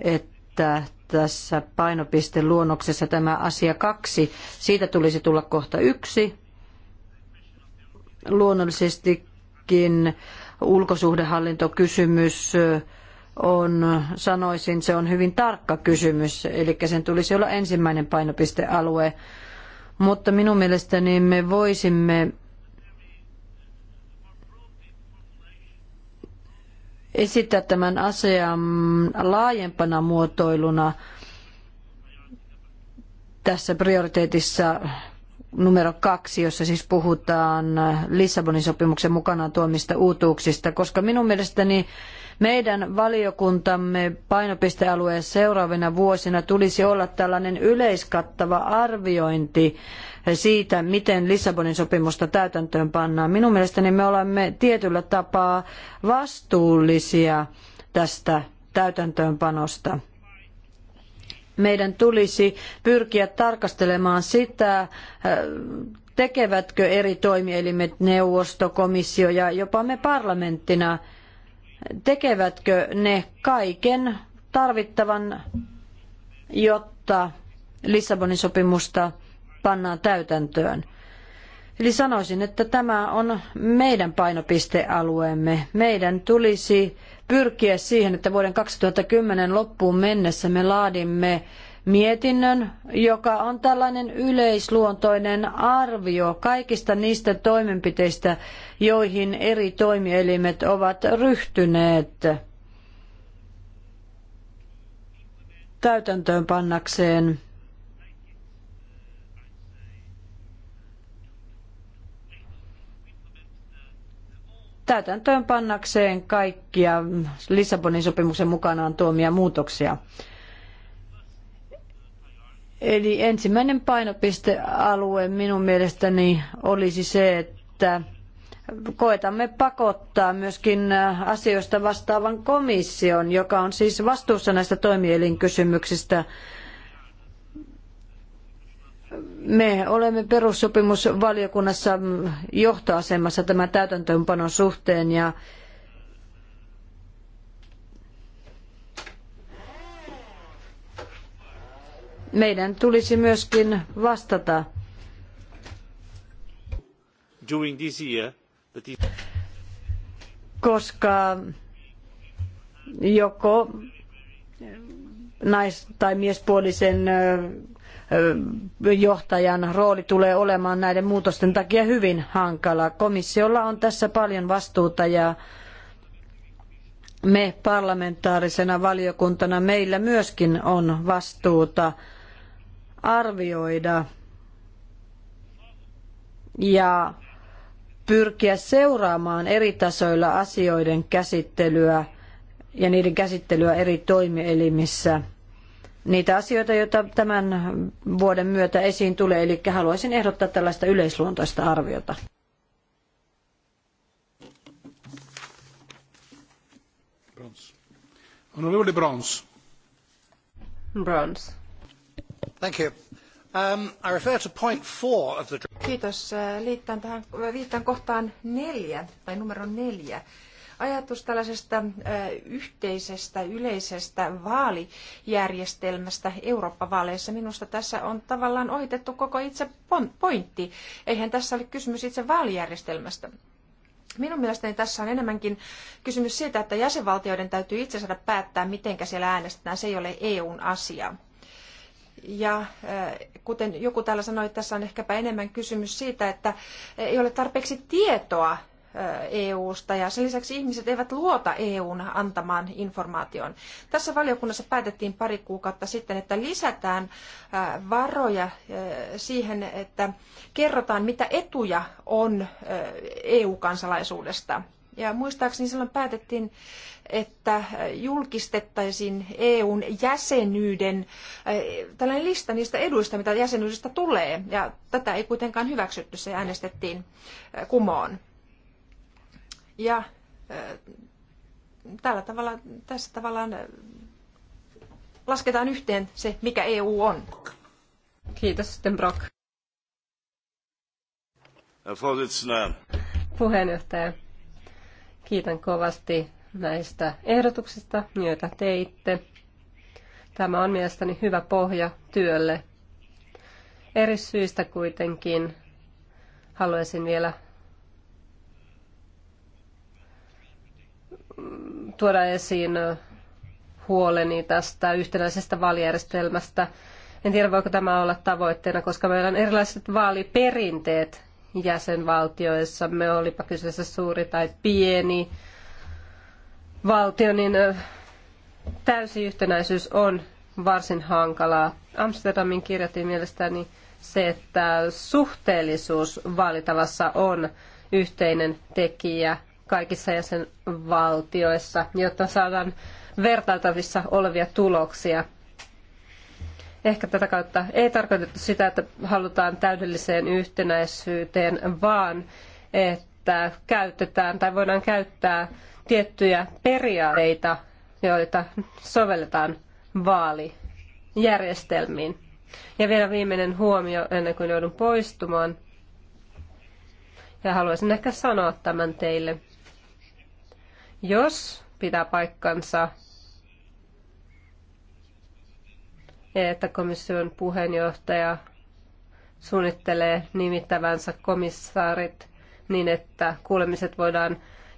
että tässä painopisteluonnoksessa tämä asia kaksi, siitä tulisi tulla kohta yksi. Luonnollisestikin ulkosuhdehallintokysymys kysymys on, sanoisin, se on hyvin tarkka kysymys, eli sen tulisi olla ensimmäinen painopistealue. Mutta minun mielestäni me voisimme esittää tämän asian laajempana muotoiluna tässä prioriteetissa numero kaksi, jossa siis puhutaan Lissabonin sopimuksen mukanaan tuomista uutuuksista, koska minun mielestäni meidän valiokuntamme painopistealueen seuraavina vuosina tulisi olla tällainen yleiskattava arviointi siitä, miten Lissabonin sopimusta täytäntöön pannaan. Minun mielestäni me olemme tietyllä tapaa vastuullisia tästä täytäntöönpanosta meidän tulisi pyrkiä tarkastelemaan sitä, tekevätkö eri toimielimet, neuvosto, komissio ja jopa me parlamenttina tekevätkö ne kaiken tarvittavan, jotta Lissabonin sopimusta pannaan täytäntöön. Eli sanoisin, että tämä on meidän painopistealueemme. Meidän tulisi pyrkiä siihen, että vuoden 2010 loppuun mennessä me laadimme mietinnön, joka on tällainen yleisluontoinen arvio kaikista niistä toimenpiteistä, joihin eri toimielimet ovat ryhtyneet Täytäntöönpannakseen. Täytäntöönpannakseen täytäntöön pannakseen kaikkia Lissabonin sopimuksen mukanaan tuomia muutoksia. Eli ensimmäinen painopistealue minun mielestäni olisi se, että koetamme pakottaa myöskin asioista vastaavan komission, joka on siis vastuussa näistä toimielinkysymyksistä. Me olemme perussopimusvaliokunnassa johtoasemassa tämän täytäntöönpanon suhteen ja meidän tulisi myöskin vastata koska joko nais- tai miespuolisen johtajan rooli tulee olemaan näiden muutosten takia hyvin hankala. Komissiolla on tässä paljon vastuuta ja me parlamentaarisena valiokuntana meillä myöskin on vastuuta arvioida ja pyrkiä seuraamaan eri tasoilla asioiden käsittelyä ja niiden käsittelyä eri toimielimissä. Niitä asioita, joita tämän vuoden myötä esiin tulee, eli haluaisin ehdottaa tällaista yleisluontoista arviota. Brons. Honorable Brons. Brons. Um, Kiitos. Äh, Liittään tähän, viittaan kohtaan neljä, tai numero neljä. Ajatus tällaisesta äh, yhteisestä, yleisestä vaalijärjestelmästä Eurooppa-vaaleissa. Minusta tässä on tavallaan ohitettu koko itse pointti. Eihän tässä ole kysymys itse vaalijärjestelmästä. Minun mielestäni tässä on enemmänkin kysymys siitä, että jäsenvaltioiden täytyy itse saada päättää, miten siellä äänestetään. Se ei ole EUn asia. Ja äh, kuten joku täällä sanoi, tässä on ehkäpä enemmän kysymys siitä, että ei ole tarpeeksi tietoa äh, EUsta ja sen lisäksi ihmiset eivät luota EUn antamaan informaatioon. Tässä valiokunnassa päätettiin pari kuukautta sitten, että lisätään äh, varoja siihen, että kerrotaan mitä etuja on EU-kansalaisuudesta. Ja muistaakseni silloin päätettiin, että julkistettaisiin EUn jäsenyyden eh, tällainen lista niistä eduista, mitä jäsenyydestä tulee. Ja tätä ei kuitenkaan hyväksytty, se äänestettiin eh, kumoon. Ja eh, tällä tavalla, tässä tavallaan lasketaan yhteen se, mikä EU on. Kiitos sitten Brock. Puheenjohtaja. Kiitän kovasti näistä ehdotuksista, joita teitte. Tämä on mielestäni hyvä pohja työlle. Eri syistä kuitenkin haluaisin vielä tuoda esiin huoleni tästä yhtenäisestä vaalijärjestelmästä. En tiedä, voiko tämä olla tavoitteena, koska meillä on erilaiset vaaliperinteet jäsenvaltioissamme, olipa kyseessä suuri tai pieni valtio, niin täysi yhtenäisyys on varsin hankalaa. Amsterdamin kirjoitti mielestäni se, että suhteellisuus valitavassa on yhteinen tekijä kaikissa jäsenvaltioissa, jotta saadaan vertailtavissa olevia tuloksia. Ehkä tätä kautta ei tarkoitettu sitä, että halutaan täydelliseen yhtenäisyyteen, vaan että käytetään tai voidaan käyttää tiettyjä periaatteita, joita sovelletaan vaalijärjestelmiin. Ja vielä viimeinen huomio ennen kuin joudun poistumaan. Ja haluaisin ehkä sanoa tämän teille. Jos pitää paikkansa, että komission puheenjohtaja suunnittelee nimittävänsä komissaarit niin, että kuulemiset voidaan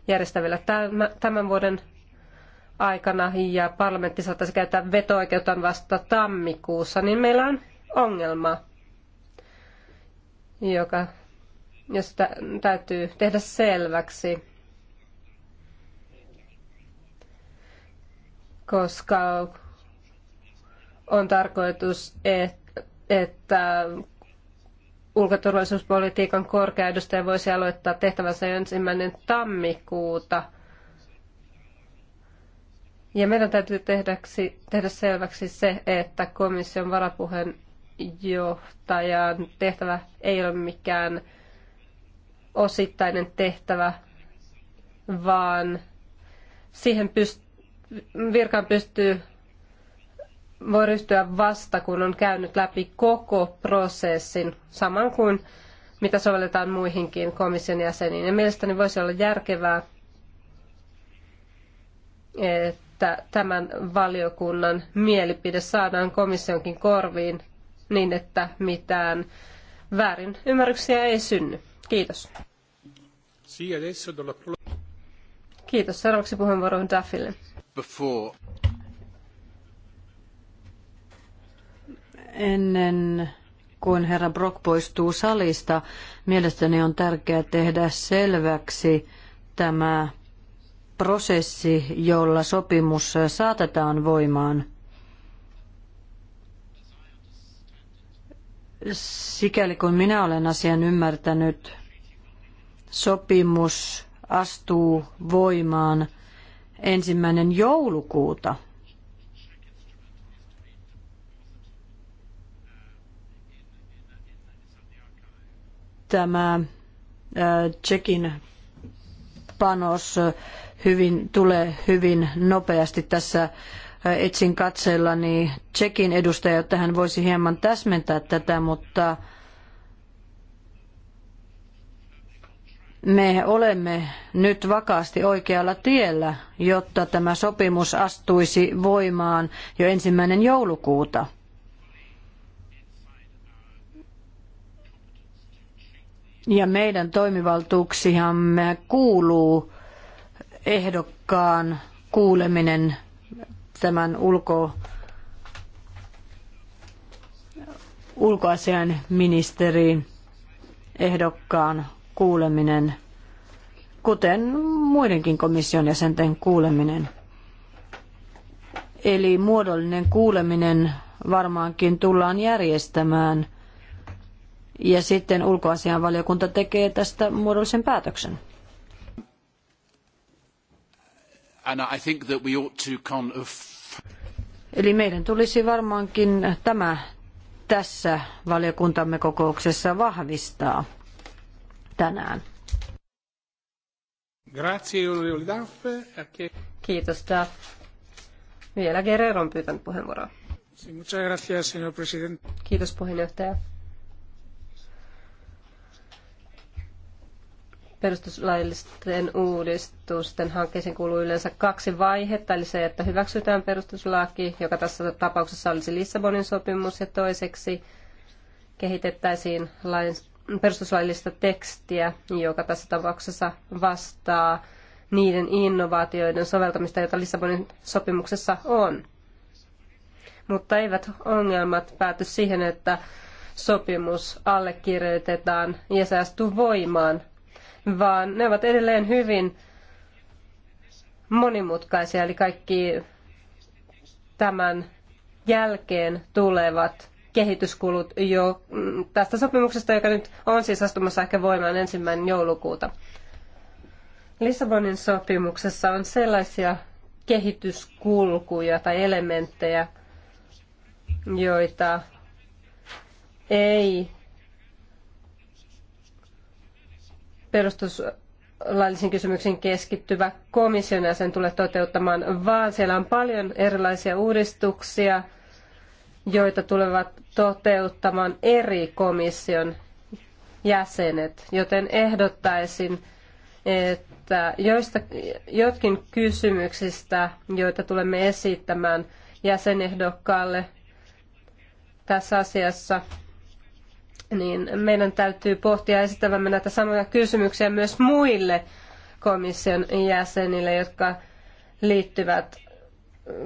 järjestää vielä tämän vuoden aikana ja parlamentti saattaisi käyttää veto-oikeuttaan vasta tammikuussa, niin meillä on ongelma, joka, josta täytyy tehdä selväksi, koska on tarkoitus, että ulkoturvallisuuspolitiikan korkea edustaja voisi aloittaa tehtävänsä ensimmäinen tammikuuta. Ja meidän täytyy tehdäksi, tehdä selväksi se, että komission varapuheenjohtajan tehtävä ei ole mikään osittainen tehtävä, vaan siihen pyst- virkaan pystyy voi ryhtyä vasta, kun on käynyt läpi koko prosessin, saman kuin mitä sovelletaan muihinkin komission jäseniin. Ja mielestäni voisi olla järkevää, että tämän valiokunnan mielipide saadaan komissionkin korviin niin, että mitään väärin ymmärryksiä ei synny. Kiitos. Kiitos. Seuraavaksi puheenvuoro Duffille. Before. Ennen kuin herra Brock poistuu salista, mielestäni on tärkeää tehdä selväksi tämä prosessi, jolla sopimus saatetaan voimaan. Sikäli kun minä olen asian ymmärtänyt, sopimus astuu voimaan ensimmäinen joulukuuta – tämä Tsekin panos hyvin, tulee hyvin nopeasti tässä etsin katseellani niin Tsekin edustaja, jotta hän voisi hieman täsmentää tätä, mutta me olemme nyt vakaasti oikealla tiellä, jotta tämä sopimus astuisi voimaan jo ensimmäinen joulukuuta. Ja meidän toimivaltuuksiamme kuuluu ehdokkaan kuuleminen tämän ulko, ulkoasian ministeriin ehdokkaan kuuleminen, kuten muidenkin komission jäsenten kuuleminen. Eli muodollinen kuuleminen varmaankin tullaan järjestämään – ja sitten ulkoasianvaliokunta tekee tästä muodollisen päätöksen. Eli meidän tulisi varmaankin tämä tässä valiokuntamme kokouksessa vahvistaa tänään. Grazie, Kiitos, Daff. Vielä Guerrero on pyytänyt puheenvuoroa. Kiitos, puheenjohtaja. perustuslaillisten uudistusten hankkeisiin kuuluu yleensä kaksi vaihetta, eli se, että hyväksytään perustuslaki, joka tässä tapauksessa olisi Lissabonin sopimus, ja toiseksi kehitettäisiin lain, perustuslaillista tekstiä, joka tässä tapauksessa vastaa niiden innovaatioiden soveltamista, joita Lissabonin sopimuksessa on. Mutta eivät ongelmat pääty siihen, että sopimus allekirjoitetaan ja se astuu voimaan vaan ne ovat edelleen hyvin monimutkaisia, eli kaikki tämän jälkeen tulevat kehityskulut jo mm, tästä sopimuksesta, joka nyt on siis astumassa ehkä voimaan ensimmäinen joulukuuta. Lissabonin sopimuksessa on sellaisia kehityskulkuja tai elementtejä, joita ei perustuslaillisiin kysymyksiin keskittyvä komission ja sen tulee toteuttamaan, vaan siellä on paljon erilaisia uudistuksia, joita tulevat toteuttamaan eri komission jäsenet. Joten ehdottaisin, että joista, jotkin kysymyksistä, joita tulemme esittämään jäsenehdokkaalle tässä asiassa, niin meidän täytyy pohtia esittävämme näitä samoja kysymyksiä myös muille komission jäsenille, jotka liittyvät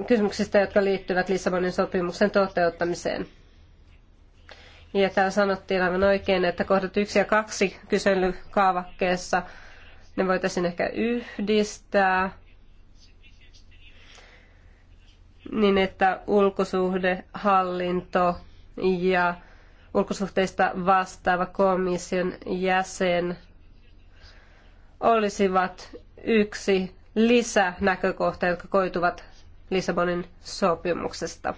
kysymyksistä, jotka liittyvät Lissabonin sopimuksen toteuttamiseen. Ja täällä sanottiin aivan oikein, että kohdat yksi ja kaksi kyselykaavakkeessa, ne voitaisiin ehkä yhdistää, niin että ulkosuhdehallinto ja ulkosuhteista vastaava komission jäsen olisivat yksi lisänäkökohta, jotka koituvat Lissabonin sopimuksesta.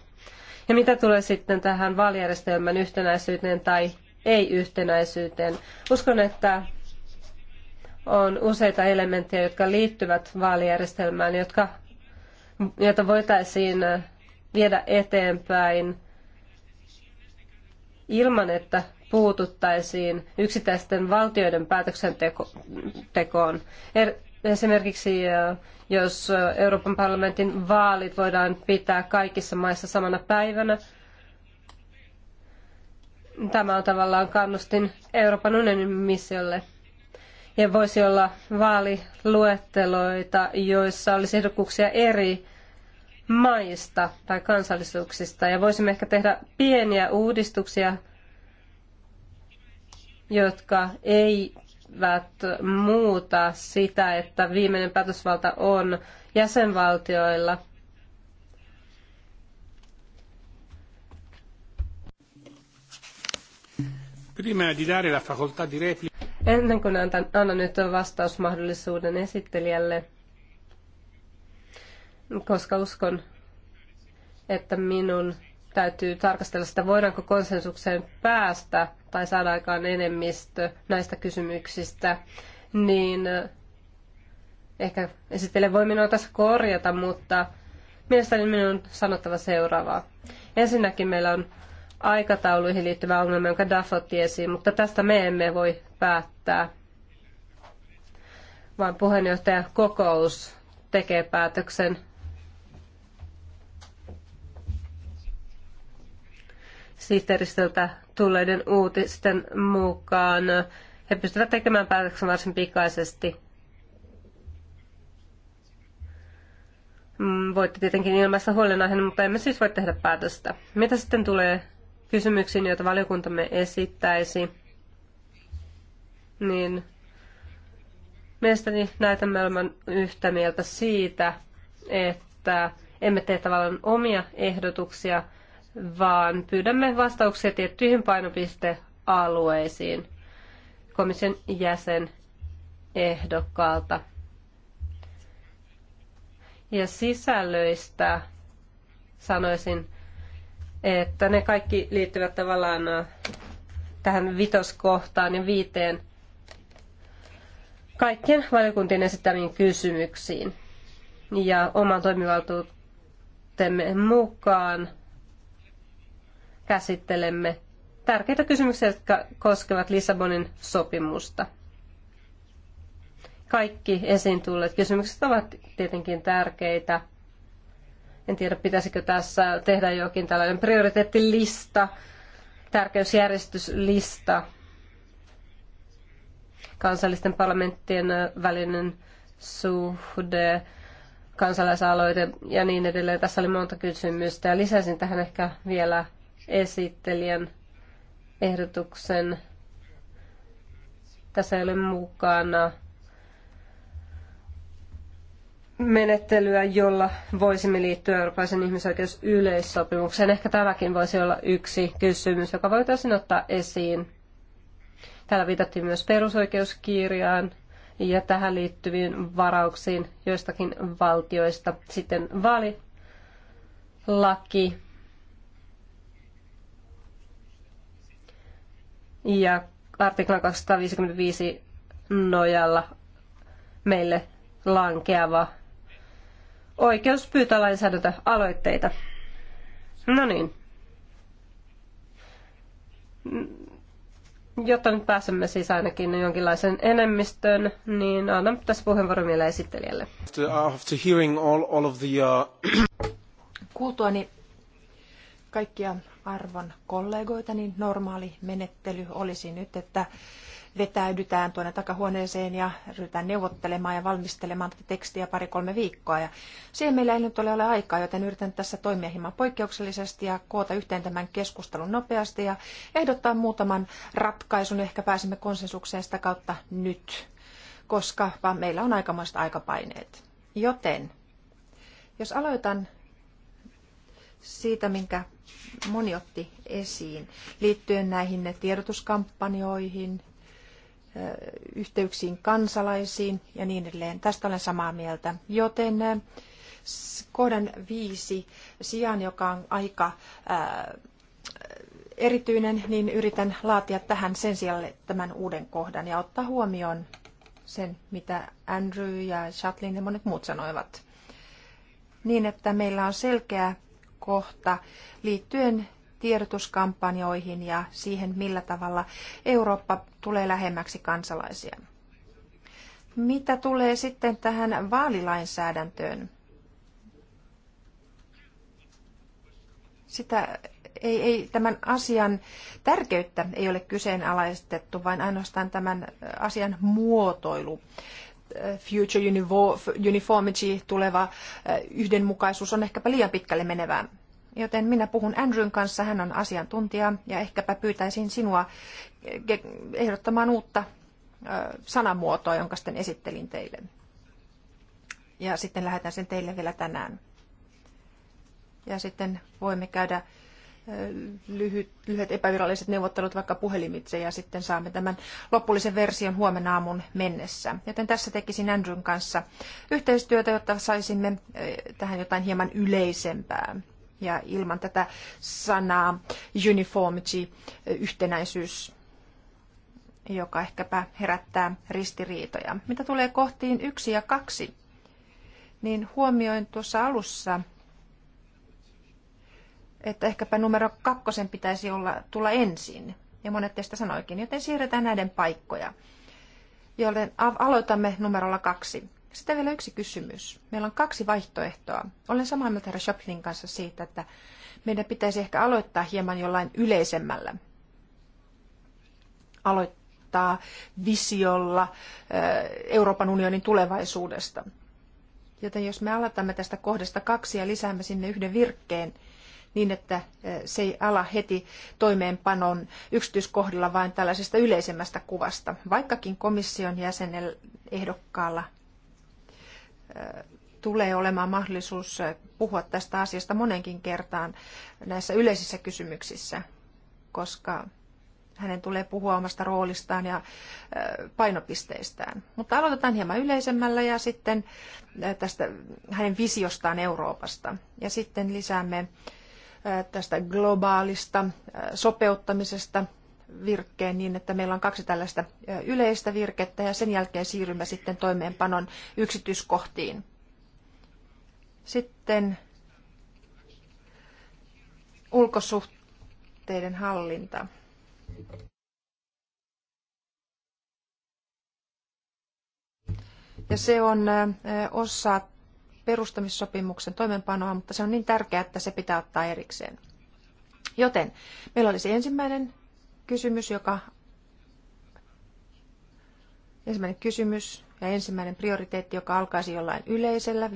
Ja mitä tulee sitten tähän vaalijärjestelmän yhtenäisyyteen tai ei-yhtenäisyyteen? Uskon, että on useita elementtejä, jotka liittyvät vaalijärjestelmään, jotka, joita voitaisiin viedä eteenpäin ilman, että puututtaisiin yksittäisten valtioiden päätöksentekoon. Er- esimerkiksi jos Euroopan parlamentin vaalit voidaan pitää kaikissa maissa samana päivänä, tämä on tavallaan kannustin Euroopan unionin missiolle. Ja voisi olla vaaliluetteloita, joissa olisi ehdokkuuksia eri maista tai kansallisuuksista ja voisimme ehkä tehdä pieniä uudistuksia, jotka eivät muuta sitä, että viimeinen päätösvalta on jäsenvaltioilla. Ennen kuin annan nyt vastausmahdollisuuden esittelijälle, koska uskon, että minun täytyy tarkastella sitä, voidaanko konsensukseen päästä tai saada aikaan enemmistö näistä kysymyksistä, niin eh, ehkä esittele voi minua tässä korjata, mutta mielestäni minun on sanottava seuraavaa. Ensinnäkin meillä on aikatauluihin liittyvä ongelma, jonka Dafo tiesi, mutta tästä me emme voi päättää, vaan puheenjohtajakokous tekee päätöksen sihteeristöltä tulleiden uutisten mukaan he pystyvät tekemään päätöksen varsin pikaisesti. Mm, voitte tietenkin ilmaista huolenaiheen, mutta emme siis voi tehdä päätöstä. Mitä sitten tulee kysymyksiin, joita valiokuntamme esittäisi, niin mielestäni näytämme olevan yhtä mieltä siitä, että emme tee tavallaan omia ehdotuksia, vaan pyydämme vastauksia tiettyihin painopistealueisiin komission jäsen ehdokkaalta. Ja sisällöistä sanoisin, että ne kaikki liittyvät tavallaan äh, tähän vitoskohtaan ja viiteen kaikkien valiokuntien esittämiin kysymyksiin. Ja oman toimivaltuutemme mukaan käsittelemme tärkeitä kysymyksiä, jotka koskevat Lissabonin sopimusta. Kaikki esiin tulleet kysymykset ovat tietenkin tärkeitä. En tiedä, pitäisikö tässä tehdä jokin tällainen prioriteettilista, tärkeysjärjestyslista, kansallisten parlamenttien välinen suhde, kansalaisaloite ja niin edelleen. Tässä oli monta kysymystä ja lisäsin tähän ehkä vielä esittelijän ehdotuksen. Tässä ei ole mukana menettelyä, jolla voisimme liittyä Euroopan ihmisoikeusyleissopimukseen. Ehkä tämäkin voisi olla yksi kysymys, joka voitaisiin ottaa esiin. Täällä viitattiin myös perusoikeuskirjaan ja tähän liittyviin varauksiin joistakin valtioista. Sitten vaalilaki ja artiklan 255 nojalla meille lankeava oikeus pyytää lainsäädäntö aloitteita. No niin. Jotta nyt pääsemme siis ainakin jonkinlaisen enemmistön, niin annan tässä puheenvuoron vielä esittelijälle. After, uh, after hearing all, all of the, uh... Kuultuani kaikkia arvon kollegoita, niin normaali menettely olisi nyt, että vetäydytään tuonne takahuoneeseen ja ryhdytään neuvottelemaan ja valmistelemaan tätä tekstiä pari-kolme viikkoa. Ja siihen meillä ei nyt ole, ole aikaa, joten yritän tässä toimia hieman poikkeuksellisesti ja koota yhteen tämän keskustelun nopeasti ja ehdottaa muutaman ratkaisun. Ehkä pääsemme konsensukseen sitä kautta nyt, koska vaan meillä on aikamoista aikapaineet. Joten jos aloitan siitä, minkä moni otti esiin liittyen näihin tiedotuskampanjoihin, yhteyksiin kansalaisiin ja niin edelleen. Tästä olen samaa mieltä. Joten kohdan viisi sijaan, joka on aika erityinen, niin yritän laatia tähän sen sijalle tämän uuden kohdan ja ottaa huomioon sen, mitä Andrew ja Shatlin ja monet muut sanoivat. Niin, että meillä on selkeä kohta liittyen tiedotuskampanjoihin ja siihen, millä tavalla Eurooppa tulee lähemmäksi kansalaisia. Mitä tulee sitten tähän vaalilainsäädäntöön? Sitä ei, ei, tämän asian tärkeyttä ei ole kyseenalaistettu, vaan ainoastaan tämän asian muotoilu future uniformity, tuleva eh, yhdenmukaisuus on ehkäpä liian pitkälle menevää. Joten minä puhun Andrewn kanssa, hän on asiantuntija ja ehkäpä pyytäisin sinua eh, ehdottamaan uutta eh, sanamuotoa, jonka sitten esittelin teille. Ja sitten lähetän sen teille vielä tänään. Ja sitten voimme käydä lyhyt, lyhyet epäviralliset neuvottelut vaikka puhelimitse ja sitten saamme tämän lopullisen version huomenna aamun mennessä. Joten tässä tekisin Andrewn kanssa yhteistyötä, jotta saisimme tähän jotain hieman yleisempää ja ilman tätä sanaa uniformity, yhtenäisyys, joka ehkäpä herättää ristiriitoja. Mitä tulee kohtiin yksi ja kaksi, niin huomioin tuossa alussa että ehkäpä numero kakkosen pitäisi olla, tulla ensin. Ja monet teistä sanoikin, joten siirretään näiden paikkoja, joten aloitamme numerolla kaksi. Sitten vielä yksi kysymys. Meillä on kaksi vaihtoehtoa. Olen samaa mieltä herra Shoplin kanssa siitä, että meidän pitäisi ehkä aloittaa hieman jollain yleisemmällä. Aloittaa visiolla eh, Euroopan unionin tulevaisuudesta. Joten jos me aloitamme tästä kohdasta kaksi ja lisäämme sinne yhden virkkeen, niin, että se ei ala heti toimeenpanon yksityiskohdilla vain tällaisesta yleisemmästä kuvasta, vaikkakin komission jäsenen ehdokkaalla tulee olemaan mahdollisuus puhua tästä asiasta monenkin kertaan näissä yleisissä kysymyksissä, koska hänen tulee puhua omasta roolistaan ja painopisteistään. Mutta aloitetaan hieman yleisemmällä ja sitten tästä hänen visiostaan Euroopasta. Ja sitten lisäämme tästä globaalista sopeuttamisesta virkkeen niin, että meillä on kaksi tällaista yleistä virkettä ja sen jälkeen siirrymme sitten toimeenpanon yksityiskohtiin. Sitten ulkosuhteiden hallinta. Ja se on osa perustamissopimuksen toimeenpanoa, mutta se on niin tärkeää, että se pitää ottaa erikseen. Joten meillä olisi ensimmäinen kysymys, joka ensimmäinen kysymys ja ensimmäinen prioriteetti, joka alkaisi jollain yleisellä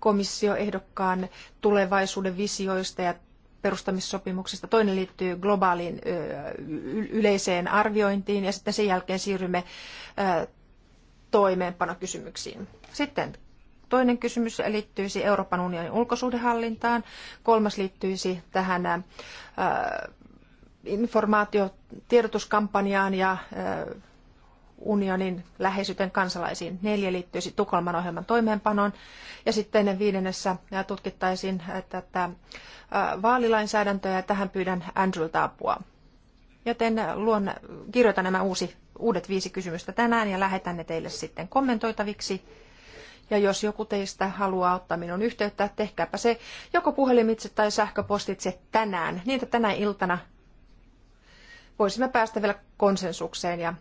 komissioehdokkaan tulevaisuuden visioista ja perustamissopimuksesta. Toinen liittyy globaaliin yleiseen arviointiin ja sitten sen jälkeen siirrymme toimeenpanokysymyksiin. Sitten Toinen kysymys liittyisi Euroopan unionin ulkosuhdehallintaan, kolmas liittyisi tähän ää, äh, informaatiotiedotuskampanjaan ja äh, unionin läheisyyteen kansalaisiin. Neljä liittyisi Tukholman ohjelman toimeenpanoon ja sitten viidennessä äh, tutkittaisiin tätä vaalilainsäädäntöä ja tähän pyydän Andrewlta apua. Joten luon, kirjoitan nämä uusi, uudet viisi kysymystä tänään ja lähetän ne teille sitten kommentoitaviksi ja jos joku teistä haluaa ottaa minun yhteyttä, tehkääpä se joko puhelimitse tai sähköpostitse tänään, niin että tänä iltana voisimme päästä vielä konsensukseen ja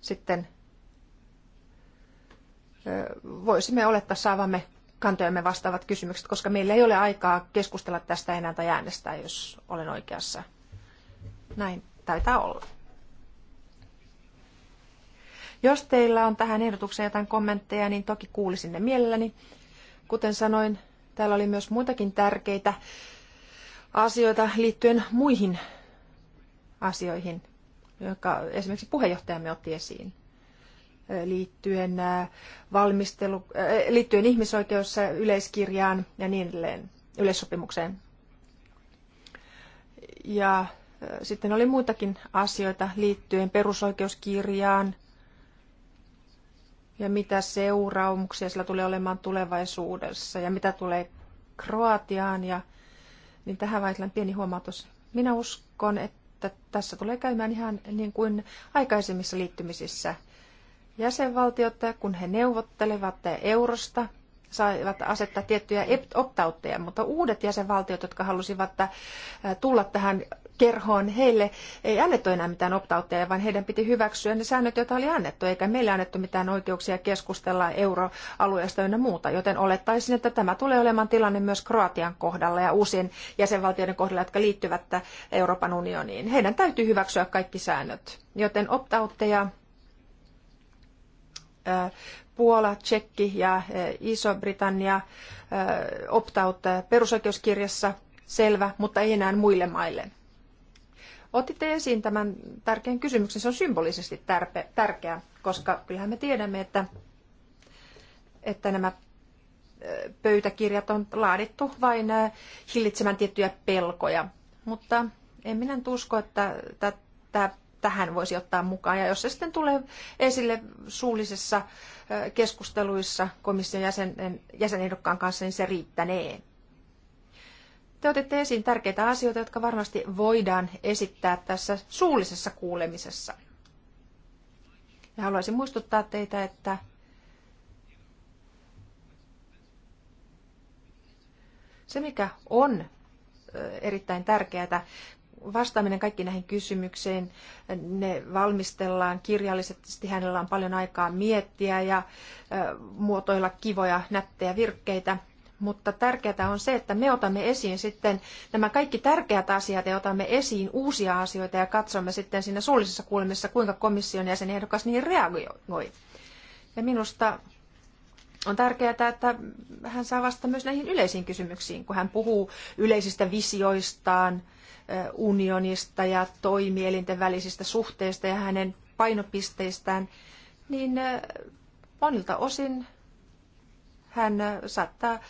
sitten voisimme olettaa saavamme kantojemme vastaavat kysymykset, koska meillä ei ole aikaa keskustella tästä enää tai äänestää, jos olen oikeassa. Näin taitaa olla. Jos teillä on tähän ehdotukseen jotain kommentteja, niin toki kuulisin ne mielelläni. Kuten sanoin, täällä oli myös muitakin tärkeitä asioita liittyen muihin asioihin, jotka esimerkiksi puheenjohtajamme otti esiin liittyen, äh, valmistelu, äh, liittyen ihmisoikeus äh, yleiskirjaan ja niin edelleen yleissopimukseen. Ja sitten oli muitakin asioita liittyen perusoikeuskirjaan, ja mitä seuraamuksia sillä tulee olemaan tulevaisuudessa ja mitä tulee Kroatiaan. Ja, niin tähän vain pieni huomautus. Minä uskon, että tässä tulee käymään ihan niin kuin aikaisemmissa liittymisissä. Jäsenvaltiot, kun he neuvottelevat eurosta, saivat asettaa tiettyjä opt-outteja, mutta uudet jäsenvaltiot, jotka halusivat tulla tähän kerhoon, heille ei annettu enää mitään optautteja, vaan heidän piti hyväksyä ne säännöt, joita oli annettu, eikä meille annettu mitään oikeuksia keskustella euroalueesta ynnä muuta. Joten olettaisin, että tämä tulee olemaan tilanne myös Kroatian kohdalla ja uusien jäsenvaltioiden kohdalla, jotka liittyvät Euroopan unioniin. Heidän täytyy hyväksyä kaikki säännöt. Joten optautteja Puola, Tsekki ja Iso-Britannia opt perusoikeuskirjassa selvä, mutta ei enää muille maille. Otitte esiin tämän tärkeän kysymyksen. Se on symbolisesti tärpe, tärkeä, koska kyllähän me tiedämme, että, että nämä pöytäkirjat on laadittu vain hillitsemään tiettyjä pelkoja. Mutta en minä usko, että tätä tähän voisi ottaa mukaan. Ja jos se sitten tulee esille suullisessa keskusteluissa komission jäsen, jäsenehdokkaan kanssa, niin se riittänee. Te otette esiin tärkeitä asioita, jotka varmasti voidaan esittää tässä suullisessa kuulemisessa. Ja haluaisin muistuttaa teitä, että se mikä on erittäin tärkeää, vastaaminen kaikki näihin kysymyksiin, ne valmistellaan kirjallisesti, hänellä on paljon aikaa miettiä ja muotoilla kivoja, nättejä virkkeitä mutta tärkeää on se, että me otamme esiin sitten nämä kaikki tärkeät asiat ja otamme esiin uusia asioita ja katsomme sitten siinä suullisessa kuulemisessa, kuinka komission jäsenehdokas niihin reagoi. Ja minusta on tärkeää, että hän saa vastata myös näihin yleisiin kysymyksiin, kun hän puhuu yleisistä visioistaan, unionista ja toimielinten välisistä suhteista ja hänen painopisteistään, niin monilta osin hän äh, saattaa äh,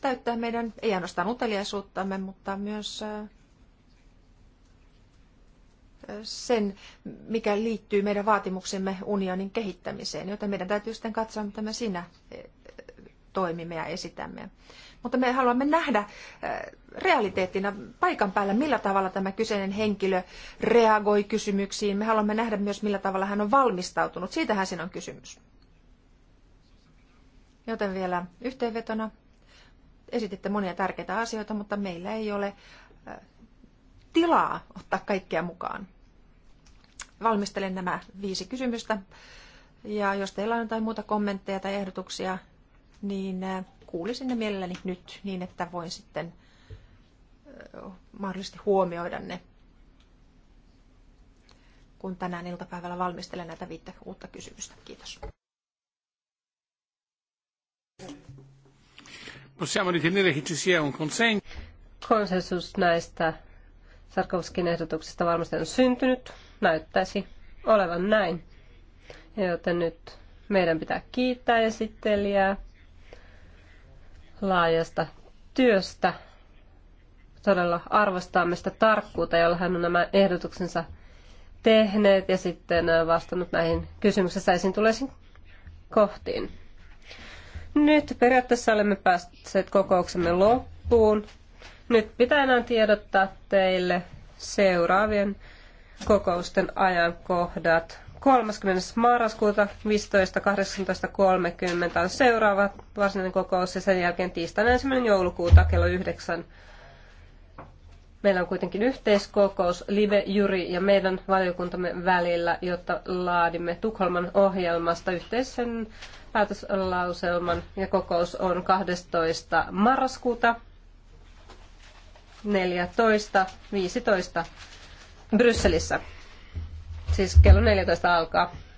täyttää meidän, ei ainoastaan uteliaisuuttamme, mutta myös äh, sen, mikä liittyy meidän vaatimuksemme unionin kehittämiseen, joten meidän täytyy sitten katsoa, mitä me siinä e, toimimme ja esitämme. Mutta me haluamme nähdä realiteettina paikan päällä, millä tavalla tämä kyseinen henkilö reagoi kysymyksiin. Me haluamme nähdä myös, millä tavalla hän on valmistautunut. Siitähän siinä on kysymys. Joten vielä yhteenvetona. Esititte monia tärkeitä asioita, mutta meillä ei ole tilaa ottaa kaikkea mukaan. Valmistelen nämä viisi kysymystä. Ja jos teillä on jotain muuta kommentteja tai ehdotuksia, niin kuulisin ne mielelläni nyt niin, että voin sitten mahdollisesti huomioida ne, kun tänään iltapäivällä valmistelen näitä viittä uutta kysymystä. Kiitos. Possiamo ritenere che ci sia un consenso. Konsensus näistä Sarkovskin ehdotuksista varmasti on syntynyt. Näyttäisi olevan näin. Joten nyt meidän pitää kiittää esittelijää laajasta työstä. Todella arvostamme sitä tarkkuutta, jolla hän on nämä ehdotuksensa tehneet ja sitten vastannut näihin kysymyksissä esiin tuleisiin kohtiin. Nyt periaatteessa olemme päässeet kokouksemme loppuun. Nyt pitää enää tiedottaa teille seuraavien kokousten ajankohdat. 30. marraskuuta 15.18.30 on seuraava varsinainen kokous ja sen jälkeen tiistaina 1. joulukuuta kello 9. Meillä on kuitenkin yhteiskokous Live, Juri ja meidän valiokuntamme välillä, jotta laadimme Tukholman ohjelmasta yhteisen päätöslauselman ja kokous on 12. marraskuuta 14.15 Brysselissä. Siis kello 14 alkaa.